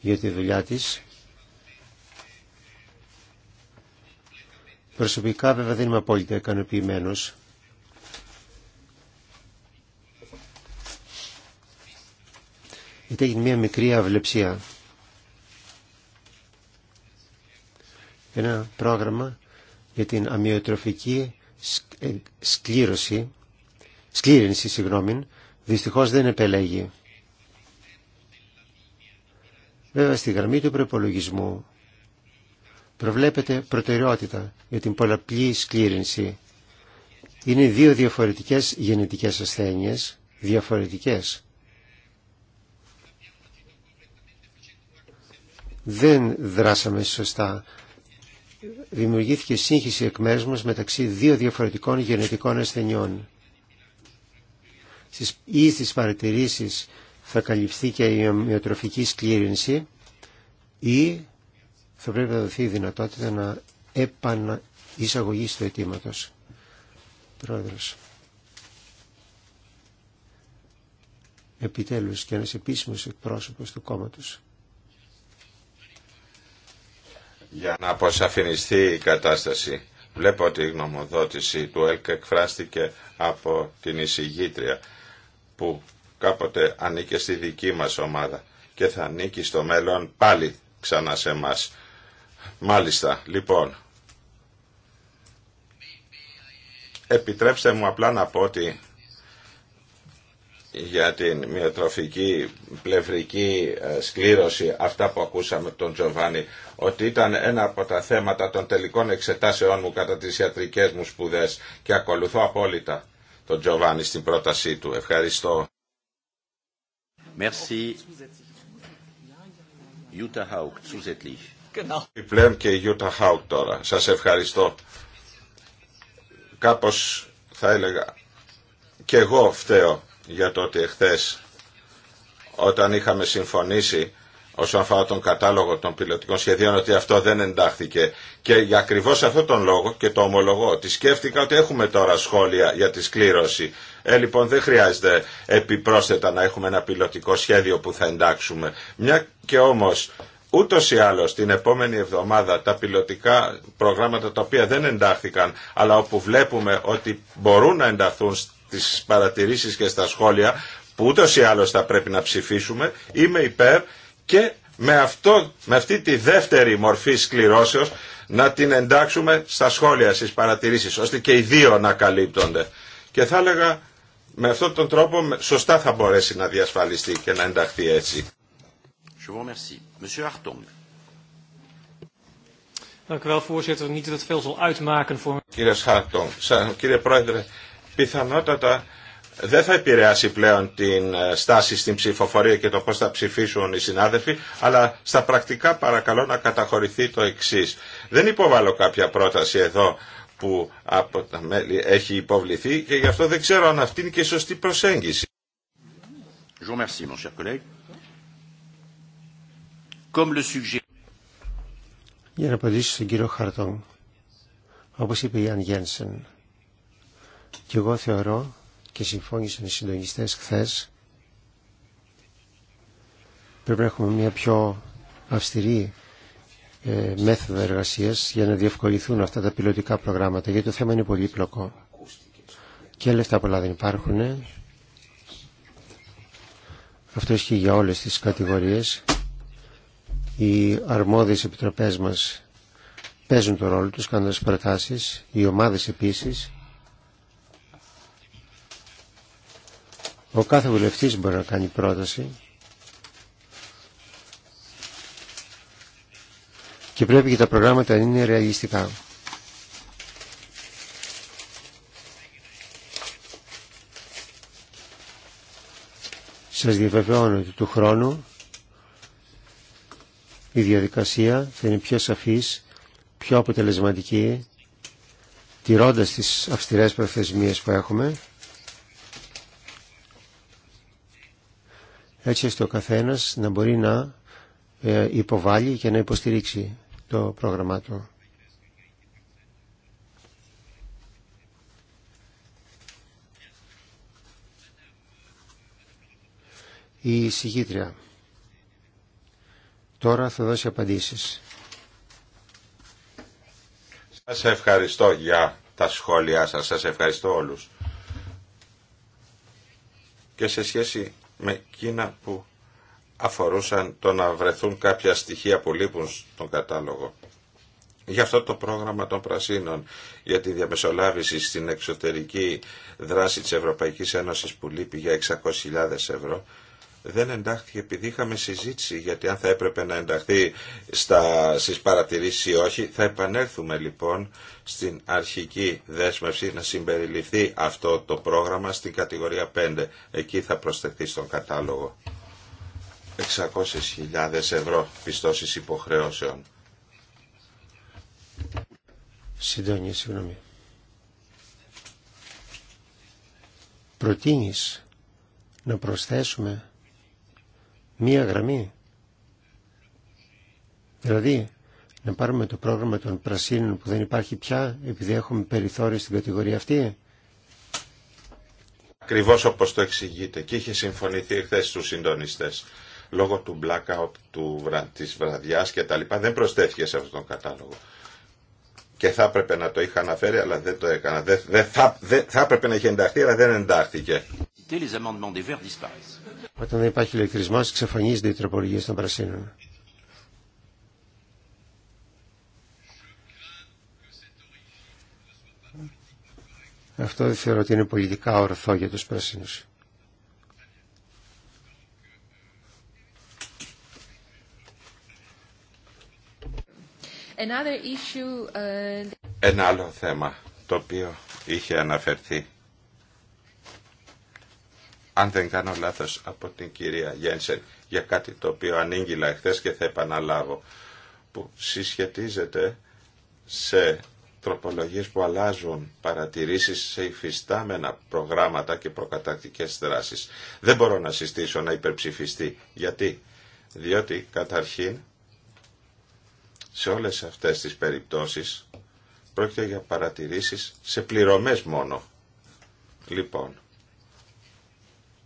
για τη δουλειά της. Προσωπικά βέβαια δεν είμαι απόλυτα ικανοποιημένο γιατί έγινε μια μικρή αυλεψία. Ένα πρόγραμμα για την αμοιοτροφική ε, σκλήρωση, σκλήρινση, συγγνώμη, δυστυχώς δεν επελέγει. Βέβαια στη γραμμή του προπολογισμού προβλέπεται προτεραιότητα για την πολλαπλή σκλήρινση. Είναι δύο διαφορετικές γενετικές ασθένειες, διαφορετικές. δεν δράσαμε σωστά. Δημιουργήθηκε σύγχυση εκ μέρους μας μεταξύ δύο διαφορετικών γενετικών ασθενειών. Στις, ή στις παρατηρήσεις θα καλυφθεί και η αμοιοτροφική σκλήρινση ή θα πρέπει να δοθεί η δυνατότητα να επαναεισαγωγή στο αιτήματο. Πρόεδρος. Επιτέλους και ένας επίσημος εκπρόσωπος του κόμματος για να αποσαφινιστεί η κατάσταση. Βλέπω ότι η γνωμοδότηση του ΕΛΚ εκφράστηκε από την εισηγήτρια που κάποτε ανήκε στη δική μας ομάδα και θα ανήκει στο μέλλον πάλι ξανά σε μας. Μάλιστα, λοιπόν, επιτρέψτε μου απλά να πω ότι για την μειοτροφική πλευρική ε, σκλήρωση, αυτά που ακούσαμε τον Τζοβάνι, ότι ήταν ένα από τα θέματα των τελικών εξετάσεών μου κατά τις ιατρικές μου σπουδές και ακολουθώ απόλυτα τον Τζοβάνι στην πρότασή του. Ευχαριστώ. Merci. Jutta και η Jutta τώρα. Σας ευχαριστώ. Κάπως θα έλεγα και εγώ φταίω για το ότι εχθές όταν είχαμε συμφωνήσει όσον αφορά τον κατάλογο των πιλωτικών σχεδίων ότι αυτό δεν εντάχθηκε. Και για ακριβώς αυτόν τον λόγο και το ομολογώ ότι σκέφτηκα ότι έχουμε τώρα σχόλια για τη σκλήρωση. Ε, λοιπόν, δεν χρειάζεται επιπρόσθετα να έχουμε ένα πιλωτικό σχέδιο που θα εντάξουμε. Μια και όμως Ούτως ή άλλως την επόμενη εβδομάδα τα πιλωτικά προγράμματα τα οποία δεν εντάχθηκαν αλλά όπου βλέπουμε ότι μπορούν να ενταχθούν στις παρατηρήσεις και στα σχόλια που ούτως ή άλλως θα πρέπει να ψηφίσουμε. Είμαι υπέρ και με, αυτό, με αυτή τη δεύτερη μορφή σκληρώσεως να την εντάξουμε στα σχόλια, στις παρατηρήσεις, ώστε και οι δύο να καλύπτονται. Και θα έλεγα με αυτόν τον τρόπο σωστά θα μπορέσει να διασφαλιστεί και να ενταχθεί έτσι. Κύριε Σχάρτον, κύριε Πρόεδρε, πιθανότατα δεν θα επηρεάσει πλέον την ε, στάση στην ψηφοφορία και το πώς θα ψηφίσουν οι συνάδελφοι, αλλά στα πρακτικά παρακαλώ να καταχωρηθεί το εξή. Δεν υποβάλλω κάποια πρόταση εδώ που από τα μέλη έχει υποβληθεί και γι' αυτό δεν ξέρω αν αυτή είναι και η σωστή προσέγγιση. Για να απαντήσω στον κύριο όπως είπε η Αν Γένσεν, και εγώ θεωρώ και συμφώνησαν οι συντονιστές χθες πρέπει να έχουμε μια πιο αυστηρή ε, μέθοδο εργασίας για να διευκολυθούν αυτά τα πιλωτικά προγράμματα γιατί το θέμα είναι πολύπλοκο και λεφτά πολλά δεν υπάρχουν αυτό ισχύει για όλες τις κατηγορίες οι αρμόδιες επιτροπές μας παίζουν το ρόλο τους κάνοντας προτάσεις οι ομάδες επίσης Ο κάθε βουλευτής μπορεί να κάνει πρόταση και πρέπει και τα προγράμματα να είναι ρεαλιστικά. Σας διαβεβαιώνω ότι του χρόνου η διαδικασία θα είναι πιο σαφής, πιο αποτελεσματική, τηρώντας τις αυστηρές προθεσμίες που έχουμε. έτσι ώστε ο καθένας να μπορεί να ε, υποβάλει και να υποστηρίξει το πρόγραμμά του. Η συγγήτρια τώρα θα δώσει απαντήσεις. Σας ευχαριστώ για τα σχόλιά σας. Σας ευχαριστώ όλους. Και σε σχέση με εκείνα που αφορούσαν το να βρεθούν κάποια στοιχεία που λείπουν στον κατάλογο. Γι' αυτό το πρόγραμμα των Πρασίνων για τη διαμεσολάβηση στην εξωτερική δράση της Ευρωπαϊκής Ένωσης που λείπει για 600.000 ευρώ δεν εντάχθηκε επειδή είχαμε συζήτηση γιατί αν θα έπρεπε να ενταχθεί στα, στις παρατηρήσεις ή όχι θα επανέλθουμε λοιπόν στην αρχική δέσμευση να συμπεριληφθεί αυτό το πρόγραμμα στην κατηγορία 5 εκεί θα προσθεθεί στον κατάλογο 600.000 ευρώ πιστώσεις υποχρεώσεων Συντόνια, συγγνώμη προτείνεις να προσθέσουμε μία γραμμή. Δηλαδή, να πάρουμε το πρόγραμμα των πρασίνων που δεν υπάρχει πια, επειδή έχουμε περιθώριο στην κατηγορία αυτή. Ακριβώς όπως το εξηγείτε και είχε συμφωνηθεί χθε στους συντονιστές λόγω του blackout του βραδιά της και τα λοιπά δεν προσθέθηκε σε αυτόν τον κατάλογο. Και θα έπρεπε να το είχα αναφέρει αλλά δεν το έκανα. θα, θα έπρεπε να είχε ενταχθεί αλλά δεν εντάχθηκε. Όταν δεν υπάρχει ηλεκτρισμός ξεφανίζονται οι τροπολογίες των πρασίνων. Αυτό δεν θεωρώ ότι είναι πολιτικά ορθό για τους πρασίνους. Uh, Ένα άλλο θέμα το οποίο είχε αναφερθεί αν δεν κάνω λάθος, από την κυρία Γένσεν για κάτι το οποίο ανήγγυλα εχθές και θα επαναλάβω, που συσχετίζεται σε τροπολογίες που αλλάζουν παρατηρήσεις σε υφιστάμενα προγράμματα και προκατακτικές δράσεις. Δεν μπορώ να συστήσω να υπερψηφιστεί. Γιατί? Διότι καταρχήν σε όλες αυτές τις περιπτώσεις πρόκειται για παρατηρήσεις σε πληρωμές μόνο. Λοιπόν,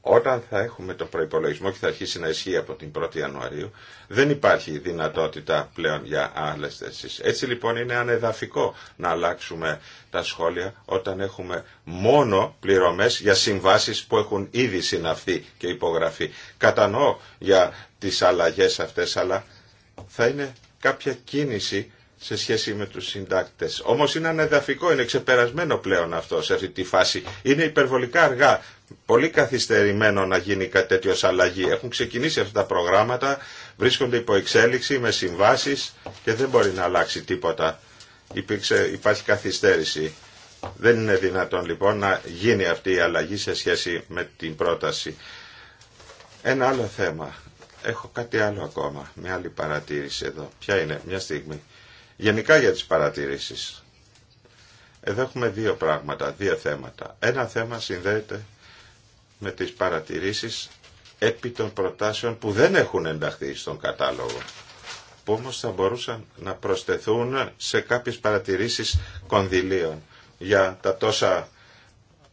όταν θα έχουμε το προϋπολογισμό και θα αρχίσει να ισχύει από την 1η Ιανουαρίου, δεν υπάρχει δυνατότητα πλέον για άλλε θέσει. Έτσι λοιπόν είναι ανεδαφικό να αλλάξουμε τα σχόλια όταν έχουμε μόνο πληρωμές για συμβάσεις που έχουν ήδη συναυθεί και υπογραφεί. Κατανοώ για τις αλλαγές αυτές, αλλά θα είναι κάποια κίνηση σε σχέση με τους συντάκτες. Όμως είναι ανεδαφικό, είναι ξεπερασμένο πλέον αυτό σε αυτή τη φάση. Είναι υπερβολικά αργά πολύ καθυστερημένο να γίνει κάτι τέτοιο αλλαγή. Έχουν ξεκινήσει αυτά τα προγράμματα, βρίσκονται υπό εξέλιξη με συμβάσεις και δεν μπορεί να αλλάξει τίποτα. Υπήρξε, υπάρχει καθυστέρηση. Δεν είναι δυνατόν λοιπόν να γίνει αυτή η αλλαγή σε σχέση με την πρόταση. Ένα άλλο θέμα. Έχω κάτι άλλο ακόμα. Μια άλλη παρατήρηση εδώ. Ποια είναι, μια στιγμή. Γενικά για τις παρατηρήσεις. Εδώ έχουμε δύο πράγματα, δύο θέματα. Ένα θέμα συνδέεται με τις παρατηρήσεις επί των προτάσεων που δεν έχουν ενταχθεί στον κατάλογο που όμως θα μπορούσαν να προσθεθούν σε κάποιες παρατηρήσεις κονδυλίων για τα τόσα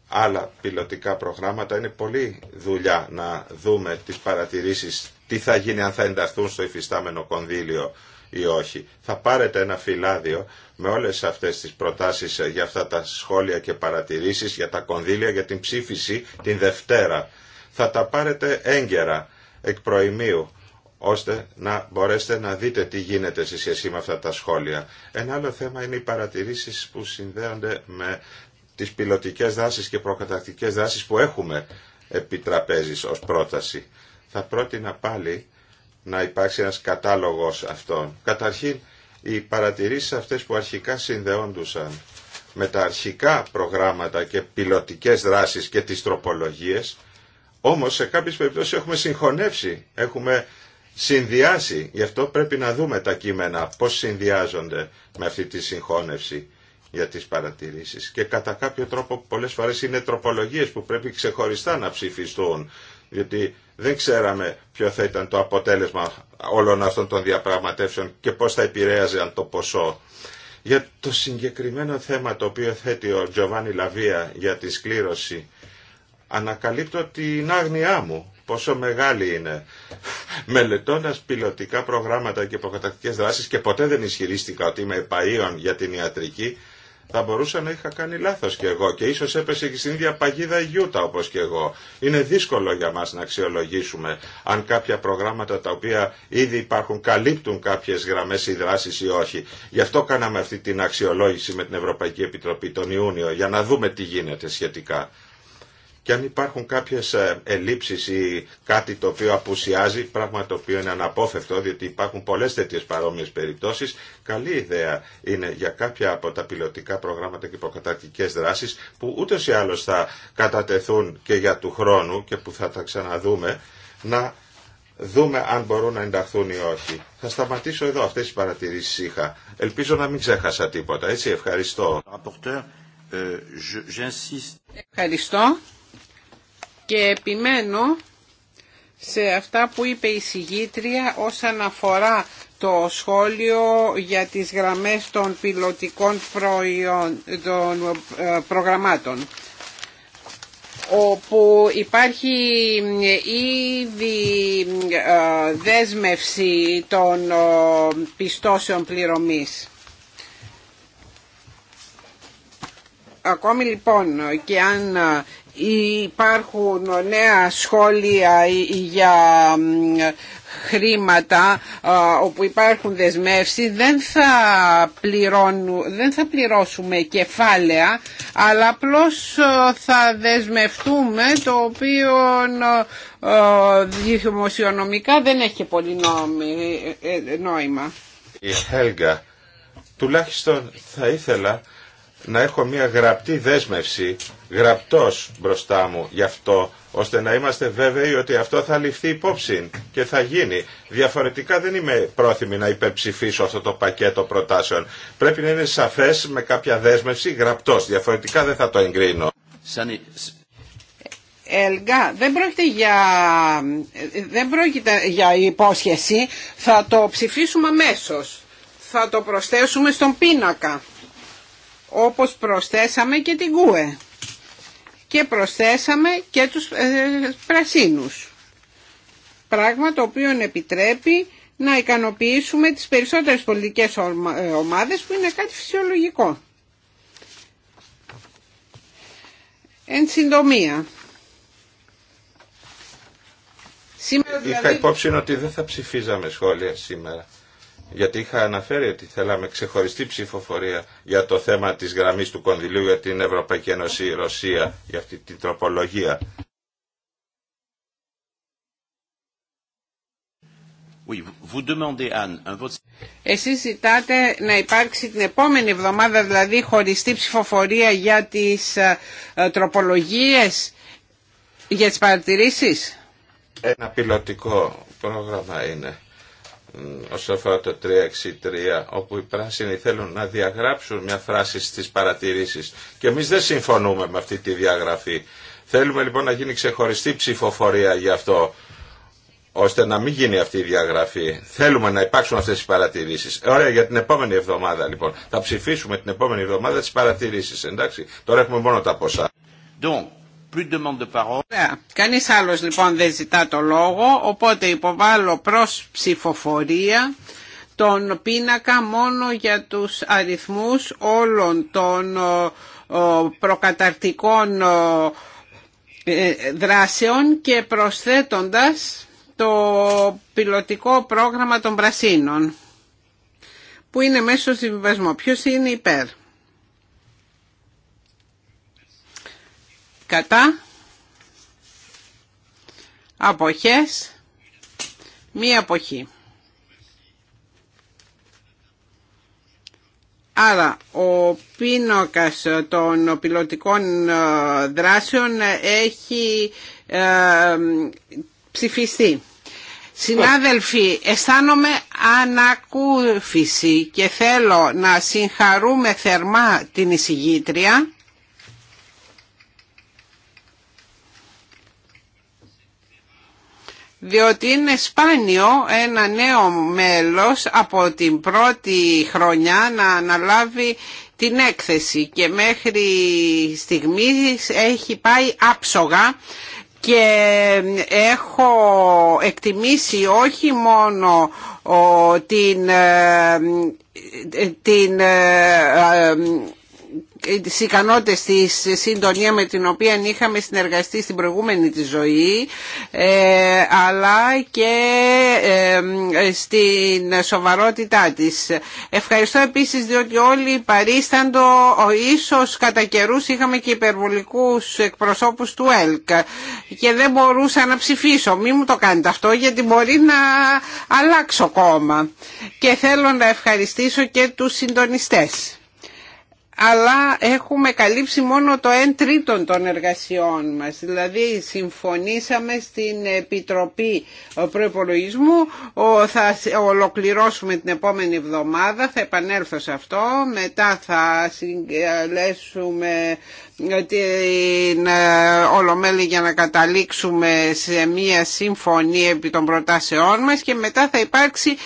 άλλα πιλωτικά προγράμματα. Είναι πολύ δουλειά να δούμε τις παρατηρήσεις, τι θα γίνει αν θα ενταχθούν στο υφιστάμενο κονδύλιο ή όχι. Θα πάρετε ένα φυλάδιο με όλες αυτές τις προτάσεις ε, για αυτά τα σχόλια και παρατηρήσεις, για τα κονδύλια, για την ψήφιση την Δευτέρα. Θα τα πάρετε έγκαιρα, εκ προημίου, ώστε να μπορέσετε να δείτε τι γίνεται σε σχέση με αυτά τα σχόλια. Ένα άλλο θέμα είναι οι παρατηρήσεις που συνδέονται με τις πιλωτικές δάσεις και προκατακτικές δάσεις που έχουμε επί ως πρόταση. Θα πρότεινα πάλι να υπάρξει ένας κατάλογος αυτών. Καταρχήν, οι παρατηρήσεις αυτές που αρχικά συνδεόντουσαν με τα αρχικά προγράμματα και πιλωτικές δράσεις και τις τροπολογίες, όμως σε κάποιες περιπτώσεις έχουμε συγχωνεύσει, έχουμε συνδυάσει. Γι' αυτό πρέπει να δούμε τα κείμενα, πώς συνδυάζονται με αυτή τη συγχώνευση για τις παρατηρήσεις. Και κατά κάποιο τρόπο πολλές φορές είναι τροπολογίες που πρέπει ξεχωριστά να ψηφιστούν διότι δεν ξέραμε ποιο θα ήταν το αποτέλεσμα όλων αυτών των διαπραγματεύσεων και πώς θα επηρέαζε το ποσό. Για το συγκεκριμένο θέμα το οποίο θέτει ο Τζοβάνι Λαβία για τη σκλήρωση, ανακαλύπτω την άγνοιά μου, πόσο μεγάλη είναι. Μελετώντας πιλωτικά προγράμματα και υποκατακτικές δράσεις και ποτέ δεν ισχυρίστηκα ότι είμαι για την ιατρική, θα μπορούσα να είχα κάνει λάθο κι εγώ και ίσω έπεσε και στην ίδια παγίδα η Γιούτα όπω και εγώ. Είναι δύσκολο για μα να αξιολογήσουμε αν κάποια προγράμματα τα οποία ήδη υπάρχουν καλύπτουν κάποιε γραμμέ ή δράσει ή όχι. Γι' αυτό κάναμε αυτή την αξιολόγηση με την Ευρωπαϊκή Επιτροπή τον Ιούνιο για να δούμε τι γίνεται σχετικά και αν υπάρχουν κάποιες ε, ελλείψεις ή κάτι το οποίο απουσιάζει, πράγμα το οποίο είναι αναπόφευκτο, διότι υπάρχουν πολλές τέτοιες παρόμοιες περιπτώσεις, καλή ιδέα είναι για κάποια από τα πιλωτικά προγράμματα και υποκατατικές δράσεις που ούτε ή άλλως θα κατατεθούν και για του χρόνου και που θα τα ξαναδούμε, να δούμε αν μπορούν να ενταχθούν ή όχι. Θα σταματήσω εδώ, αυτές οι παρατηρήσεις είχα. Ελπίζω να μην ξέχασα τίποτα, έτσι, ευχαριστώ. Euh, ευχαριστώ και επιμένω σε αυτά που είπε η συγγήτρια όσον αφορά το σχόλιο για τις γραμμές των πιλωτικών προϊόν, προγραμμάτων όπου υπάρχει ήδη ε, δέσμευση των ε, πιστώσεων πληρωμής. Ακόμη λοιπόν και αν ε, υπάρχουν νέα σχόλια για χρήματα όπου υπάρχουν δεσμεύσεις. δεν θα, δεν θα πληρώσουμε κεφάλαια αλλά απλώ θα δεσμευτούμε το οποίο δημοσιονομικά δεν έχει πολύ ε, ε, νόημα. Η Χέλγα, τουλάχιστον θα ήθελα να έχω μια γραπτή δέσμευση, γραπτός μπροστά μου γι' αυτό, ώστε να είμαστε βέβαιοι ότι αυτό θα ληφθεί υπόψη και θα γίνει. Διαφορετικά δεν είμαι πρόθυμη να υπερψηφίσω αυτό το πακέτο προτάσεων. Πρέπει να είναι σαφές με κάποια δέσμευση γραπτός. Διαφορετικά δεν θα το εγκρίνω. Ελγκά, δεν πρόκειται, για, δεν πρόκειται για υπόσχεση, θα το ψηφίσουμε αμέσω. Θα το προσθέσουμε στον πίνακα όπως προσθέσαμε και την ΚΟΥΕ και προσθέσαμε και τους ε, πρασίνους. Πράγμα το οποίο επιτρέπει να ικανοποιήσουμε τις περισσότερες πολιτικές ε, ομάδες που είναι κάτι φυσιολογικό. Εν συντομία. Είχα δηλαδή- υπόψη ότι δεν θα ψηφίζαμε σχόλια σήμερα γιατί είχα αναφέρει ότι θέλαμε ξεχωριστή ψηφοφορία για το θέμα της γραμμής του κονδυλίου για την Ευρωπαϊκή Ένωση Ρωσία, για αυτή την τροπολογία. Εσείς ζητάτε να υπάρξει την επόμενη εβδομάδα, δηλαδή χωριστή ψηφοφορία για τις ε, ε, τροπολογίες, για τις παρατηρήσεις. Ένα πιλωτικό πρόγραμμα είναι όσο αφορά το 363, όπου οι πράσινοι θέλουν να διαγράψουν μια φράση στις παρατηρήσεις. Και εμείς δεν συμφωνούμε με αυτή τη διαγραφή. Θέλουμε λοιπόν να γίνει ξεχωριστή ψηφοφορία γι' αυτό, ώστε να μην γίνει αυτή η διαγραφή. Θέλουμε να υπάρξουν αυτές οι παρατηρήσεις. Ωραία, για την επόμενη εβδομάδα λοιπόν. Θα ψηφίσουμε την επόμενη εβδομάδα τις παρατηρήσεις, εντάξει. Τώρα έχουμε μόνο τα ποσά. Κανείς άλλος λοιπόν δεν ζητά το λόγο, οπότε υποβάλλω προς ψηφοφορία τον πίνακα μόνο για τους αριθμούς όλων των ε, ε, προκαταρτικών ε, δράσεων και προσθέτοντας το πιλωτικό πρόγραμμα των Πρασίνων που είναι μέσω συμβιβασμό. Ποιος είναι υπέρ. κατά αποχές μία αποχή. Άρα, ο πίνοκας των πιλωτικών ε, δράσεων έχει ε, ψηφιστεί. Συνάδελφοι, αισθάνομαι ανακούφιση και θέλω να συγχαρούμε θερμά την εισηγήτρια διότι είναι σπάνιο ένα νέο μέλος από την πρώτη χρονιά να αναλάβει την έκθεση και μέχρι στιγμής έχει πάει άψογα και έχω εκτιμήσει όχι μόνο την, ε, ε, ε, την τις ικανότητες τη συντονία με την οποία είχαμε συνεργαστεί στην προηγούμενη τη ζωή ε, αλλά και ε, στην σοβαρότητά της. Ευχαριστώ επίσης διότι όλοι παρίσταντο ίσως κατά καιρού είχαμε και υπερβολικούς εκπροσώπους του ΕΛΚ και δεν μπορούσα να ψηφίσω. μη μου το κάνετε αυτό γιατί μπορεί να αλλάξω κόμμα. Και θέλω να ευχαριστήσω και τους συντονιστές αλλά έχουμε καλύψει μόνο το 1 τρίτον των εργασιών μας. Δηλαδή συμφωνήσαμε στην Επιτροπή Προϋπολογισμού, θα ολοκληρώσουμε την επόμενη εβδομάδα, θα επανέλθω σε αυτό, μετά θα συγκαλέσουμε την ε, Ολομέλη για να καταλήξουμε σε μία συμφωνία επί των προτάσεών μας και μετά θα υπάρξει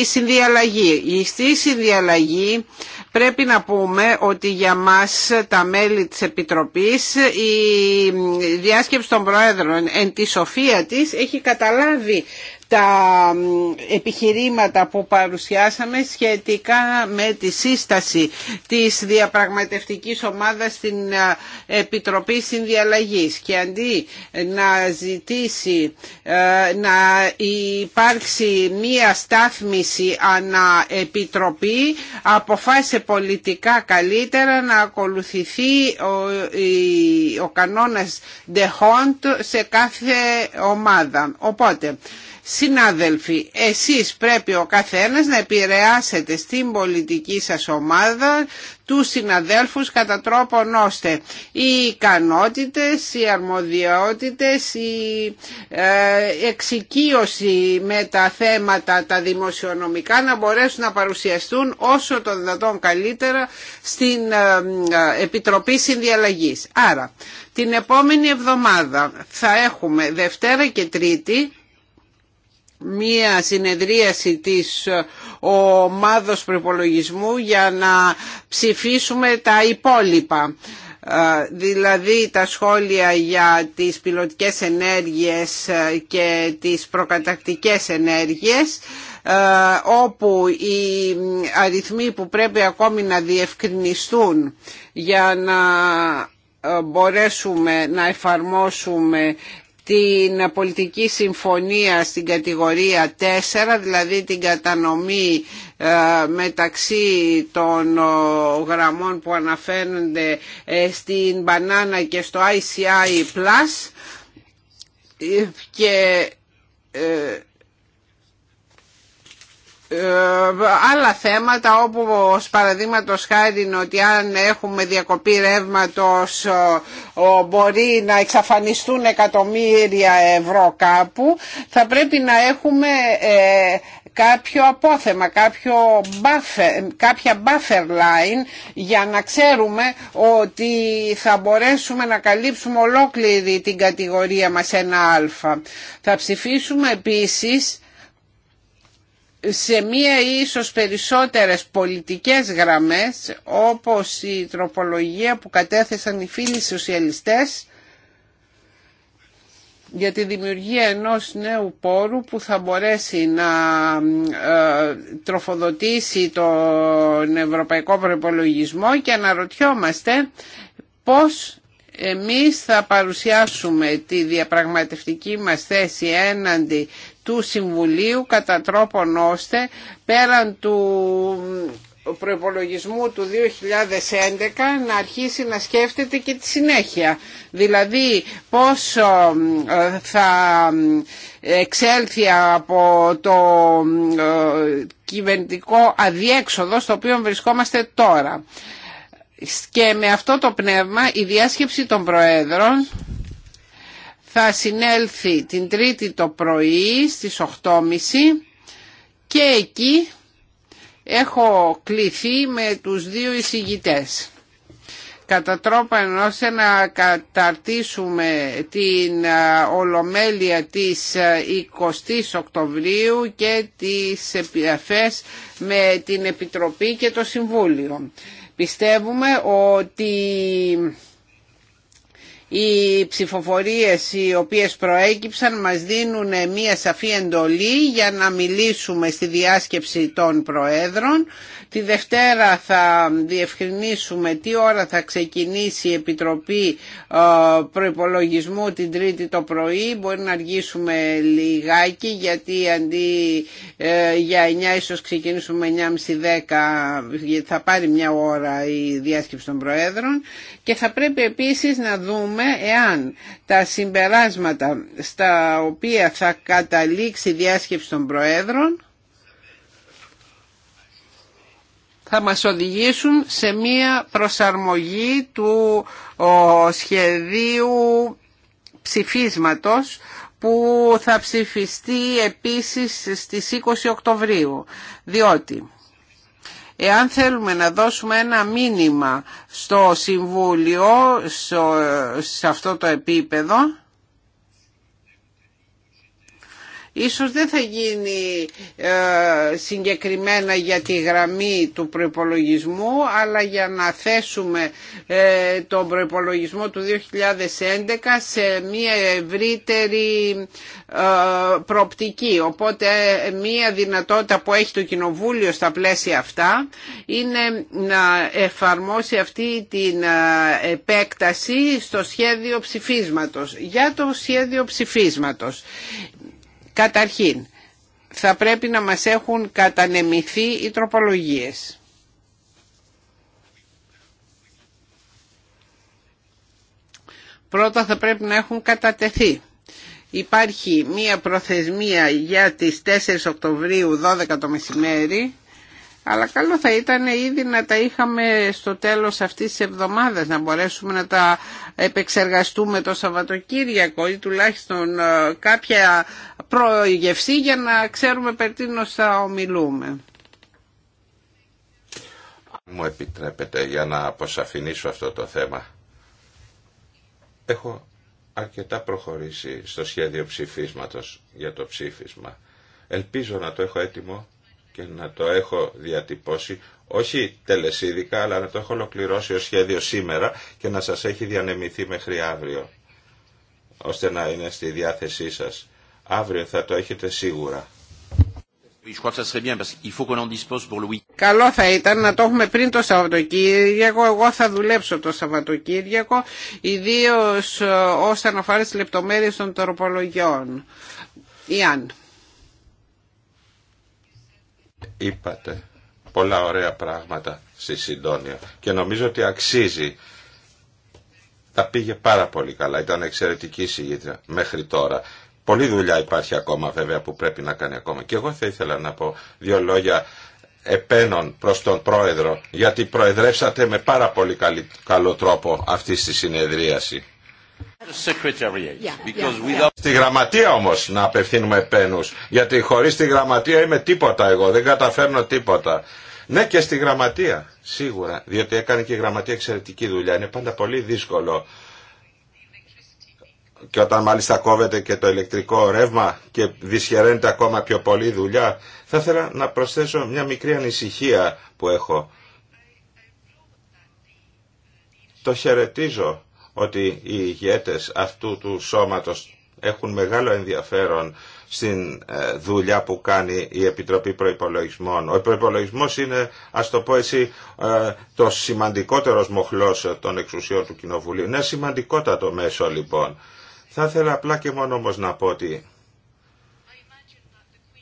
η συνδιαλλαγή. Στη συνδιαλλαγή πρέπει να πούμε ότι για μας τα μέλη της Επιτροπής η διάσκεψη των Προέδρων εν τη σοφία της έχει καταλάβει τα επιχειρήματα που παρουσιάσαμε σχετικά με τη σύσταση της διαπραγματευτικής ομάδας στην Επιτροπή Συνδιαλλαγής και αντί να ζητήσει ε, να υπάρξει μία στάθμιση ανά επιτροπή αποφάσισε πολιτικά καλύτερα να ακολουθηθεί ο, ο κανόνας de σε κάθε ομάδα. Οπότε Συνάδελφοι, εσείς πρέπει ο καθένας να επηρεάσετε στην πολιτική σας ομάδα του συναδέλφους κατά τρόπον ώστε οι ικανότητες, οι αρμοδιότητες, η ε, εξοικείωση με τα θέματα τα δημοσιονομικά να μπορέσουν να παρουσιαστούν όσο το δυνατόν καλύτερα στην ε, ε, Επιτροπή Συνδιαλλαγής. Άρα, την επόμενη εβδομάδα θα έχουμε Δευτέρα και Τρίτη μία συνεδρίαση της ομάδος προπολογισμού για να ψηφίσουμε τα υπόλοιπα ε, δηλαδή τα σχόλια για τις πιλωτικές ενέργειες και τις προκατακτικές ενέργειες ε, όπου οι αριθμοί που πρέπει ακόμη να διευκρινιστούν για να ε, μπορέσουμε να εφαρμόσουμε την πολιτική συμφωνία στην κατηγορία 4, δηλαδή την κατανομή ε, μεταξύ των ε, γραμμών που αναφέρονται ε, στην μπανάνα και στο ICI Plus και ε, άλλα θέματα όπου ως παραδείγματος χάρη ότι αν έχουμε διακοπή ρεύματος μπορεί να εξαφανιστούν εκατομμύρια ευρώ κάπου θα πρέπει να έχουμε ε, κάποιο απόθεμα, κάποιο buffer, κάποια buffer line για να ξέρουμε ότι θα μπορέσουμε να καλύψουμε ολόκληρη την κατηγορία μας ένα α. Θα ψηφίσουμε επίσης σε μία ή ίσως περισσότερες πολιτικές γραμμές όπως η τροπολογία που κατέθεσαν οι φίλοι σοσιαλιστές για τη δημιουργία ενός νέου πόρου που θα μπορέσει να ε, τροφοδοτήσει τον ευρωπαϊκό προπολογισμό και αναρωτιόμαστε πώς εμείς θα παρουσιάσουμε τη διαπραγματευτική μας θέση έναντι του Συμβουλίου κατά τρόπον ώστε πέραν του προπολογισμού του 2011 να αρχίσει να σκέφτεται και τη συνέχεια. Δηλαδή πόσο ε, θα ε, εξέλθει από το ε, κυβερνητικό αδιέξοδο στο οποίο βρισκόμαστε τώρα. Και με αυτό το πνεύμα η διάσκεψη των Προέδρων θα συνέλθει την Τρίτη το πρωί στις 8.30 και εκεί έχω κληθεί με τους δύο εισηγητές κατά τρόπο ώστε να καταρτήσουμε την Ολομέλεια της 20 Οκτωβρίου και τις επιαφές με την Επιτροπή και το Συμβούλιο. Πιστεύουμε ότι οι ψηφοφορίες οι οποίες προέκυψαν μας δίνουν μία σαφή εντολή για να μιλήσουμε στη διάσκεψη των Προέδρων. Τη Δευτέρα θα διευκρινίσουμε τι ώρα θα ξεκινήσει η Επιτροπή ε, Προϋπολογισμού την Τρίτη το πρωί. Μπορεί να αργήσουμε λιγάκι γιατί αντί ε, για 9 ίσως ξεκινήσουμε 9.30-10 θα πάρει μια ώρα η διάσκεψη των Προέδρων και θα πρέπει επίσης να δούμε εάν τα συμπεράσματα στα οποία θα καταλήξει η διάσκεψη των Προέδρων θα μας οδηγήσουν σε μία προσαρμογή του σχεδίου ψηφίσματος που θα ψηφιστεί επίσης στις 20 Οκτωβρίου, διότι Εάν θέλουμε να δώσουμε ένα μήνυμα στο Συμβούλιο, σε αυτό το επίπεδο, Ίσως δεν θα γίνει ε, συγκεκριμένα για τη γραμμή του προϋπολογισμού αλλά για να θέσουμε ε, τον προϋπολογισμό του 2011 σε μια ευρύτερη ε, προοπτική. Οπότε μια δυνατότητα που έχει το Κοινοβούλιο στα πλαίσια αυτά είναι να εφαρμόσει αυτή την επέκταση στο σχέδιο ψηφίσματος. Για το σχέδιο ψηφίσματος Καταρχήν, θα πρέπει να μας έχουν κατανεμηθεί οι τροπολογίες. Πρώτα θα πρέπει να έχουν κατατεθεί. Υπάρχει μία προθεσμία για τις 4 Οκτωβρίου 12 το μεσημέρι, αλλά καλό θα ήταν ήδη να τα είχαμε στο τέλος αυτής της εβδομάδας, να μπορέσουμε να τα επεξεργαστούμε το Σαββατοκύριακο ή τουλάχιστον ε, κάποια προηγευθεί για να ξέρουμε περί τίνος θα ομιλούμε. Μου επιτρέπετε για να αποσαφηνίσω αυτό το θέμα. Έχω αρκετά προχωρήσει στο σχέδιο ψηφίσματος για το ψήφισμα. Ελπίζω να το έχω έτοιμο και να το έχω διατυπώσει, όχι τελεσίδικα, αλλά να το έχω ολοκληρώσει ως σχέδιο σήμερα και να σας έχει διανεμηθεί μέχρι αύριο, ώστε να είναι στη διάθεσή σας. Αύριο θα το έχετε σίγουρα. Καλό θα ήταν να το έχουμε πριν το Σαββατοκύριακο. Εγώ θα δουλέψω το Σαββατοκύριακο, ιδίω ε, όσον αφορά τι λεπτομέρειε των τροπολογιών. Ιάν. Είπατε πολλά ωραία πράγματα στη συντόνια και νομίζω ότι αξίζει. Τα πήγε πάρα πολύ καλά. Ήταν εξαιρετική συγγήτρια μέχρι τώρα. Πολλή δουλειά υπάρχει ακόμα βέβαια που πρέπει να κάνει ακόμα. Και εγώ θα ήθελα να πω δύο λόγια επένων προς τον Πρόεδρο, γιατί προεδρεύσατε με πάρα πολύ καλό τρόπο αυτή τη συνεδρίαση. Στη γραμματεία όμως να απευθύνουμε επένους, γιατί χωρίς τη γραμματεία είμαι τίποτα εγώ, δεν καταφέρνω τίποτα. Ναι και στη γραμματεία, σίγουρα, διότι έκανε και η γραμματεία εξαιρετική δουλειά, είναι πάντα πολύ δύσκολο και όταν μάλιστα κόβεται και το ηλεκτρικό ρεύμα και δυσχεραίνεται ακόμα πιο πολύ δουλειά, θα ήθελα να προσθέσω μια μικρή ανησυχία που έχω. Το χαιρετίζω ότι οι ηγέτες αυτού του σώματος έχουν μεγάλο ενδιαφέρον στην ε, δουλειά που κάνει η Επιτροπή Προϋπολογισμών. Ο προϋπολογισμός είναι, ας το πω εσύ, το σημαντικότερος μοχλός των εξουσιών του Κοινοβουλίου. Είναι σημαντικότατο μέσο λοιπόν. Θα ήθελα απλά και μόνο όμως να πω ότι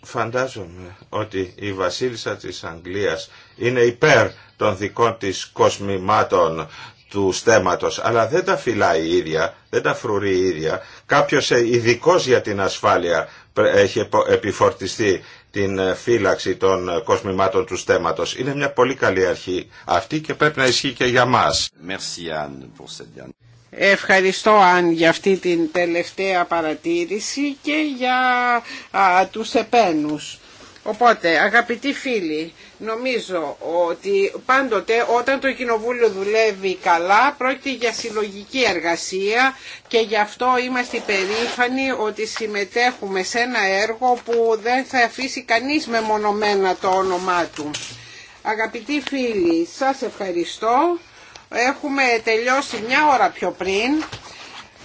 φαντάζομαι ότι η βασίλισσα της Αγγλίας είναι υπέρ των δικών της κοσμημάτων του στέματος, αλλά δεν τα φυλάει η ίδια, δεν τα φρουρεί η ίδια. Κάποιος ε, ειδικό για την ασφάλεια έχει επιφορτιστεί την ε, φύλαξη των ε, κοσμημάτων του στέματος. Είναι μια πολύ καλή αρχή αυτή και πρέπει να ισχύει και για μας. Merci, Anne, pour cette... Ευχαριστώ αν για αυτή την τελευταία παρατήρηση και για τους επένους. Οπότε αγαπητοί φίλοι, νομίζω ότι πάντοτε όταν το Κοινοβούλιο δουλεύει καλά πρόκειται για συλλογική εργασία και γι' αυτό είμαστε περήφανοι ότι συμμετέχουμε σε ένα έργο που δεν θα αφήσει κανείς μεμονωμένα το όνομά του. Αγαπητοί φίλοι, σας ευχαριστώ. Έχουμε τελειώσει μια ώρα πιο πριν.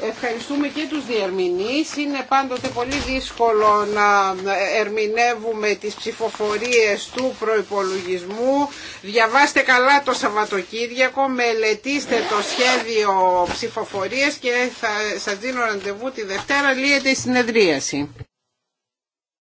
Ευχαριστούμε και τους διερμηνείς. Είναι πάντοτε πολύ δύσκολο να ερμηνεύουμε τις ψηφοφορίες του προϋπολογισμού. Διαβάστε καλά το Σαββατοκύριακο, μελετήστε το σχέδιο ψηφοφορίες και θα σας δίνω ραντεβού τη Δευτέρα, λύεται η συνεδρίαση.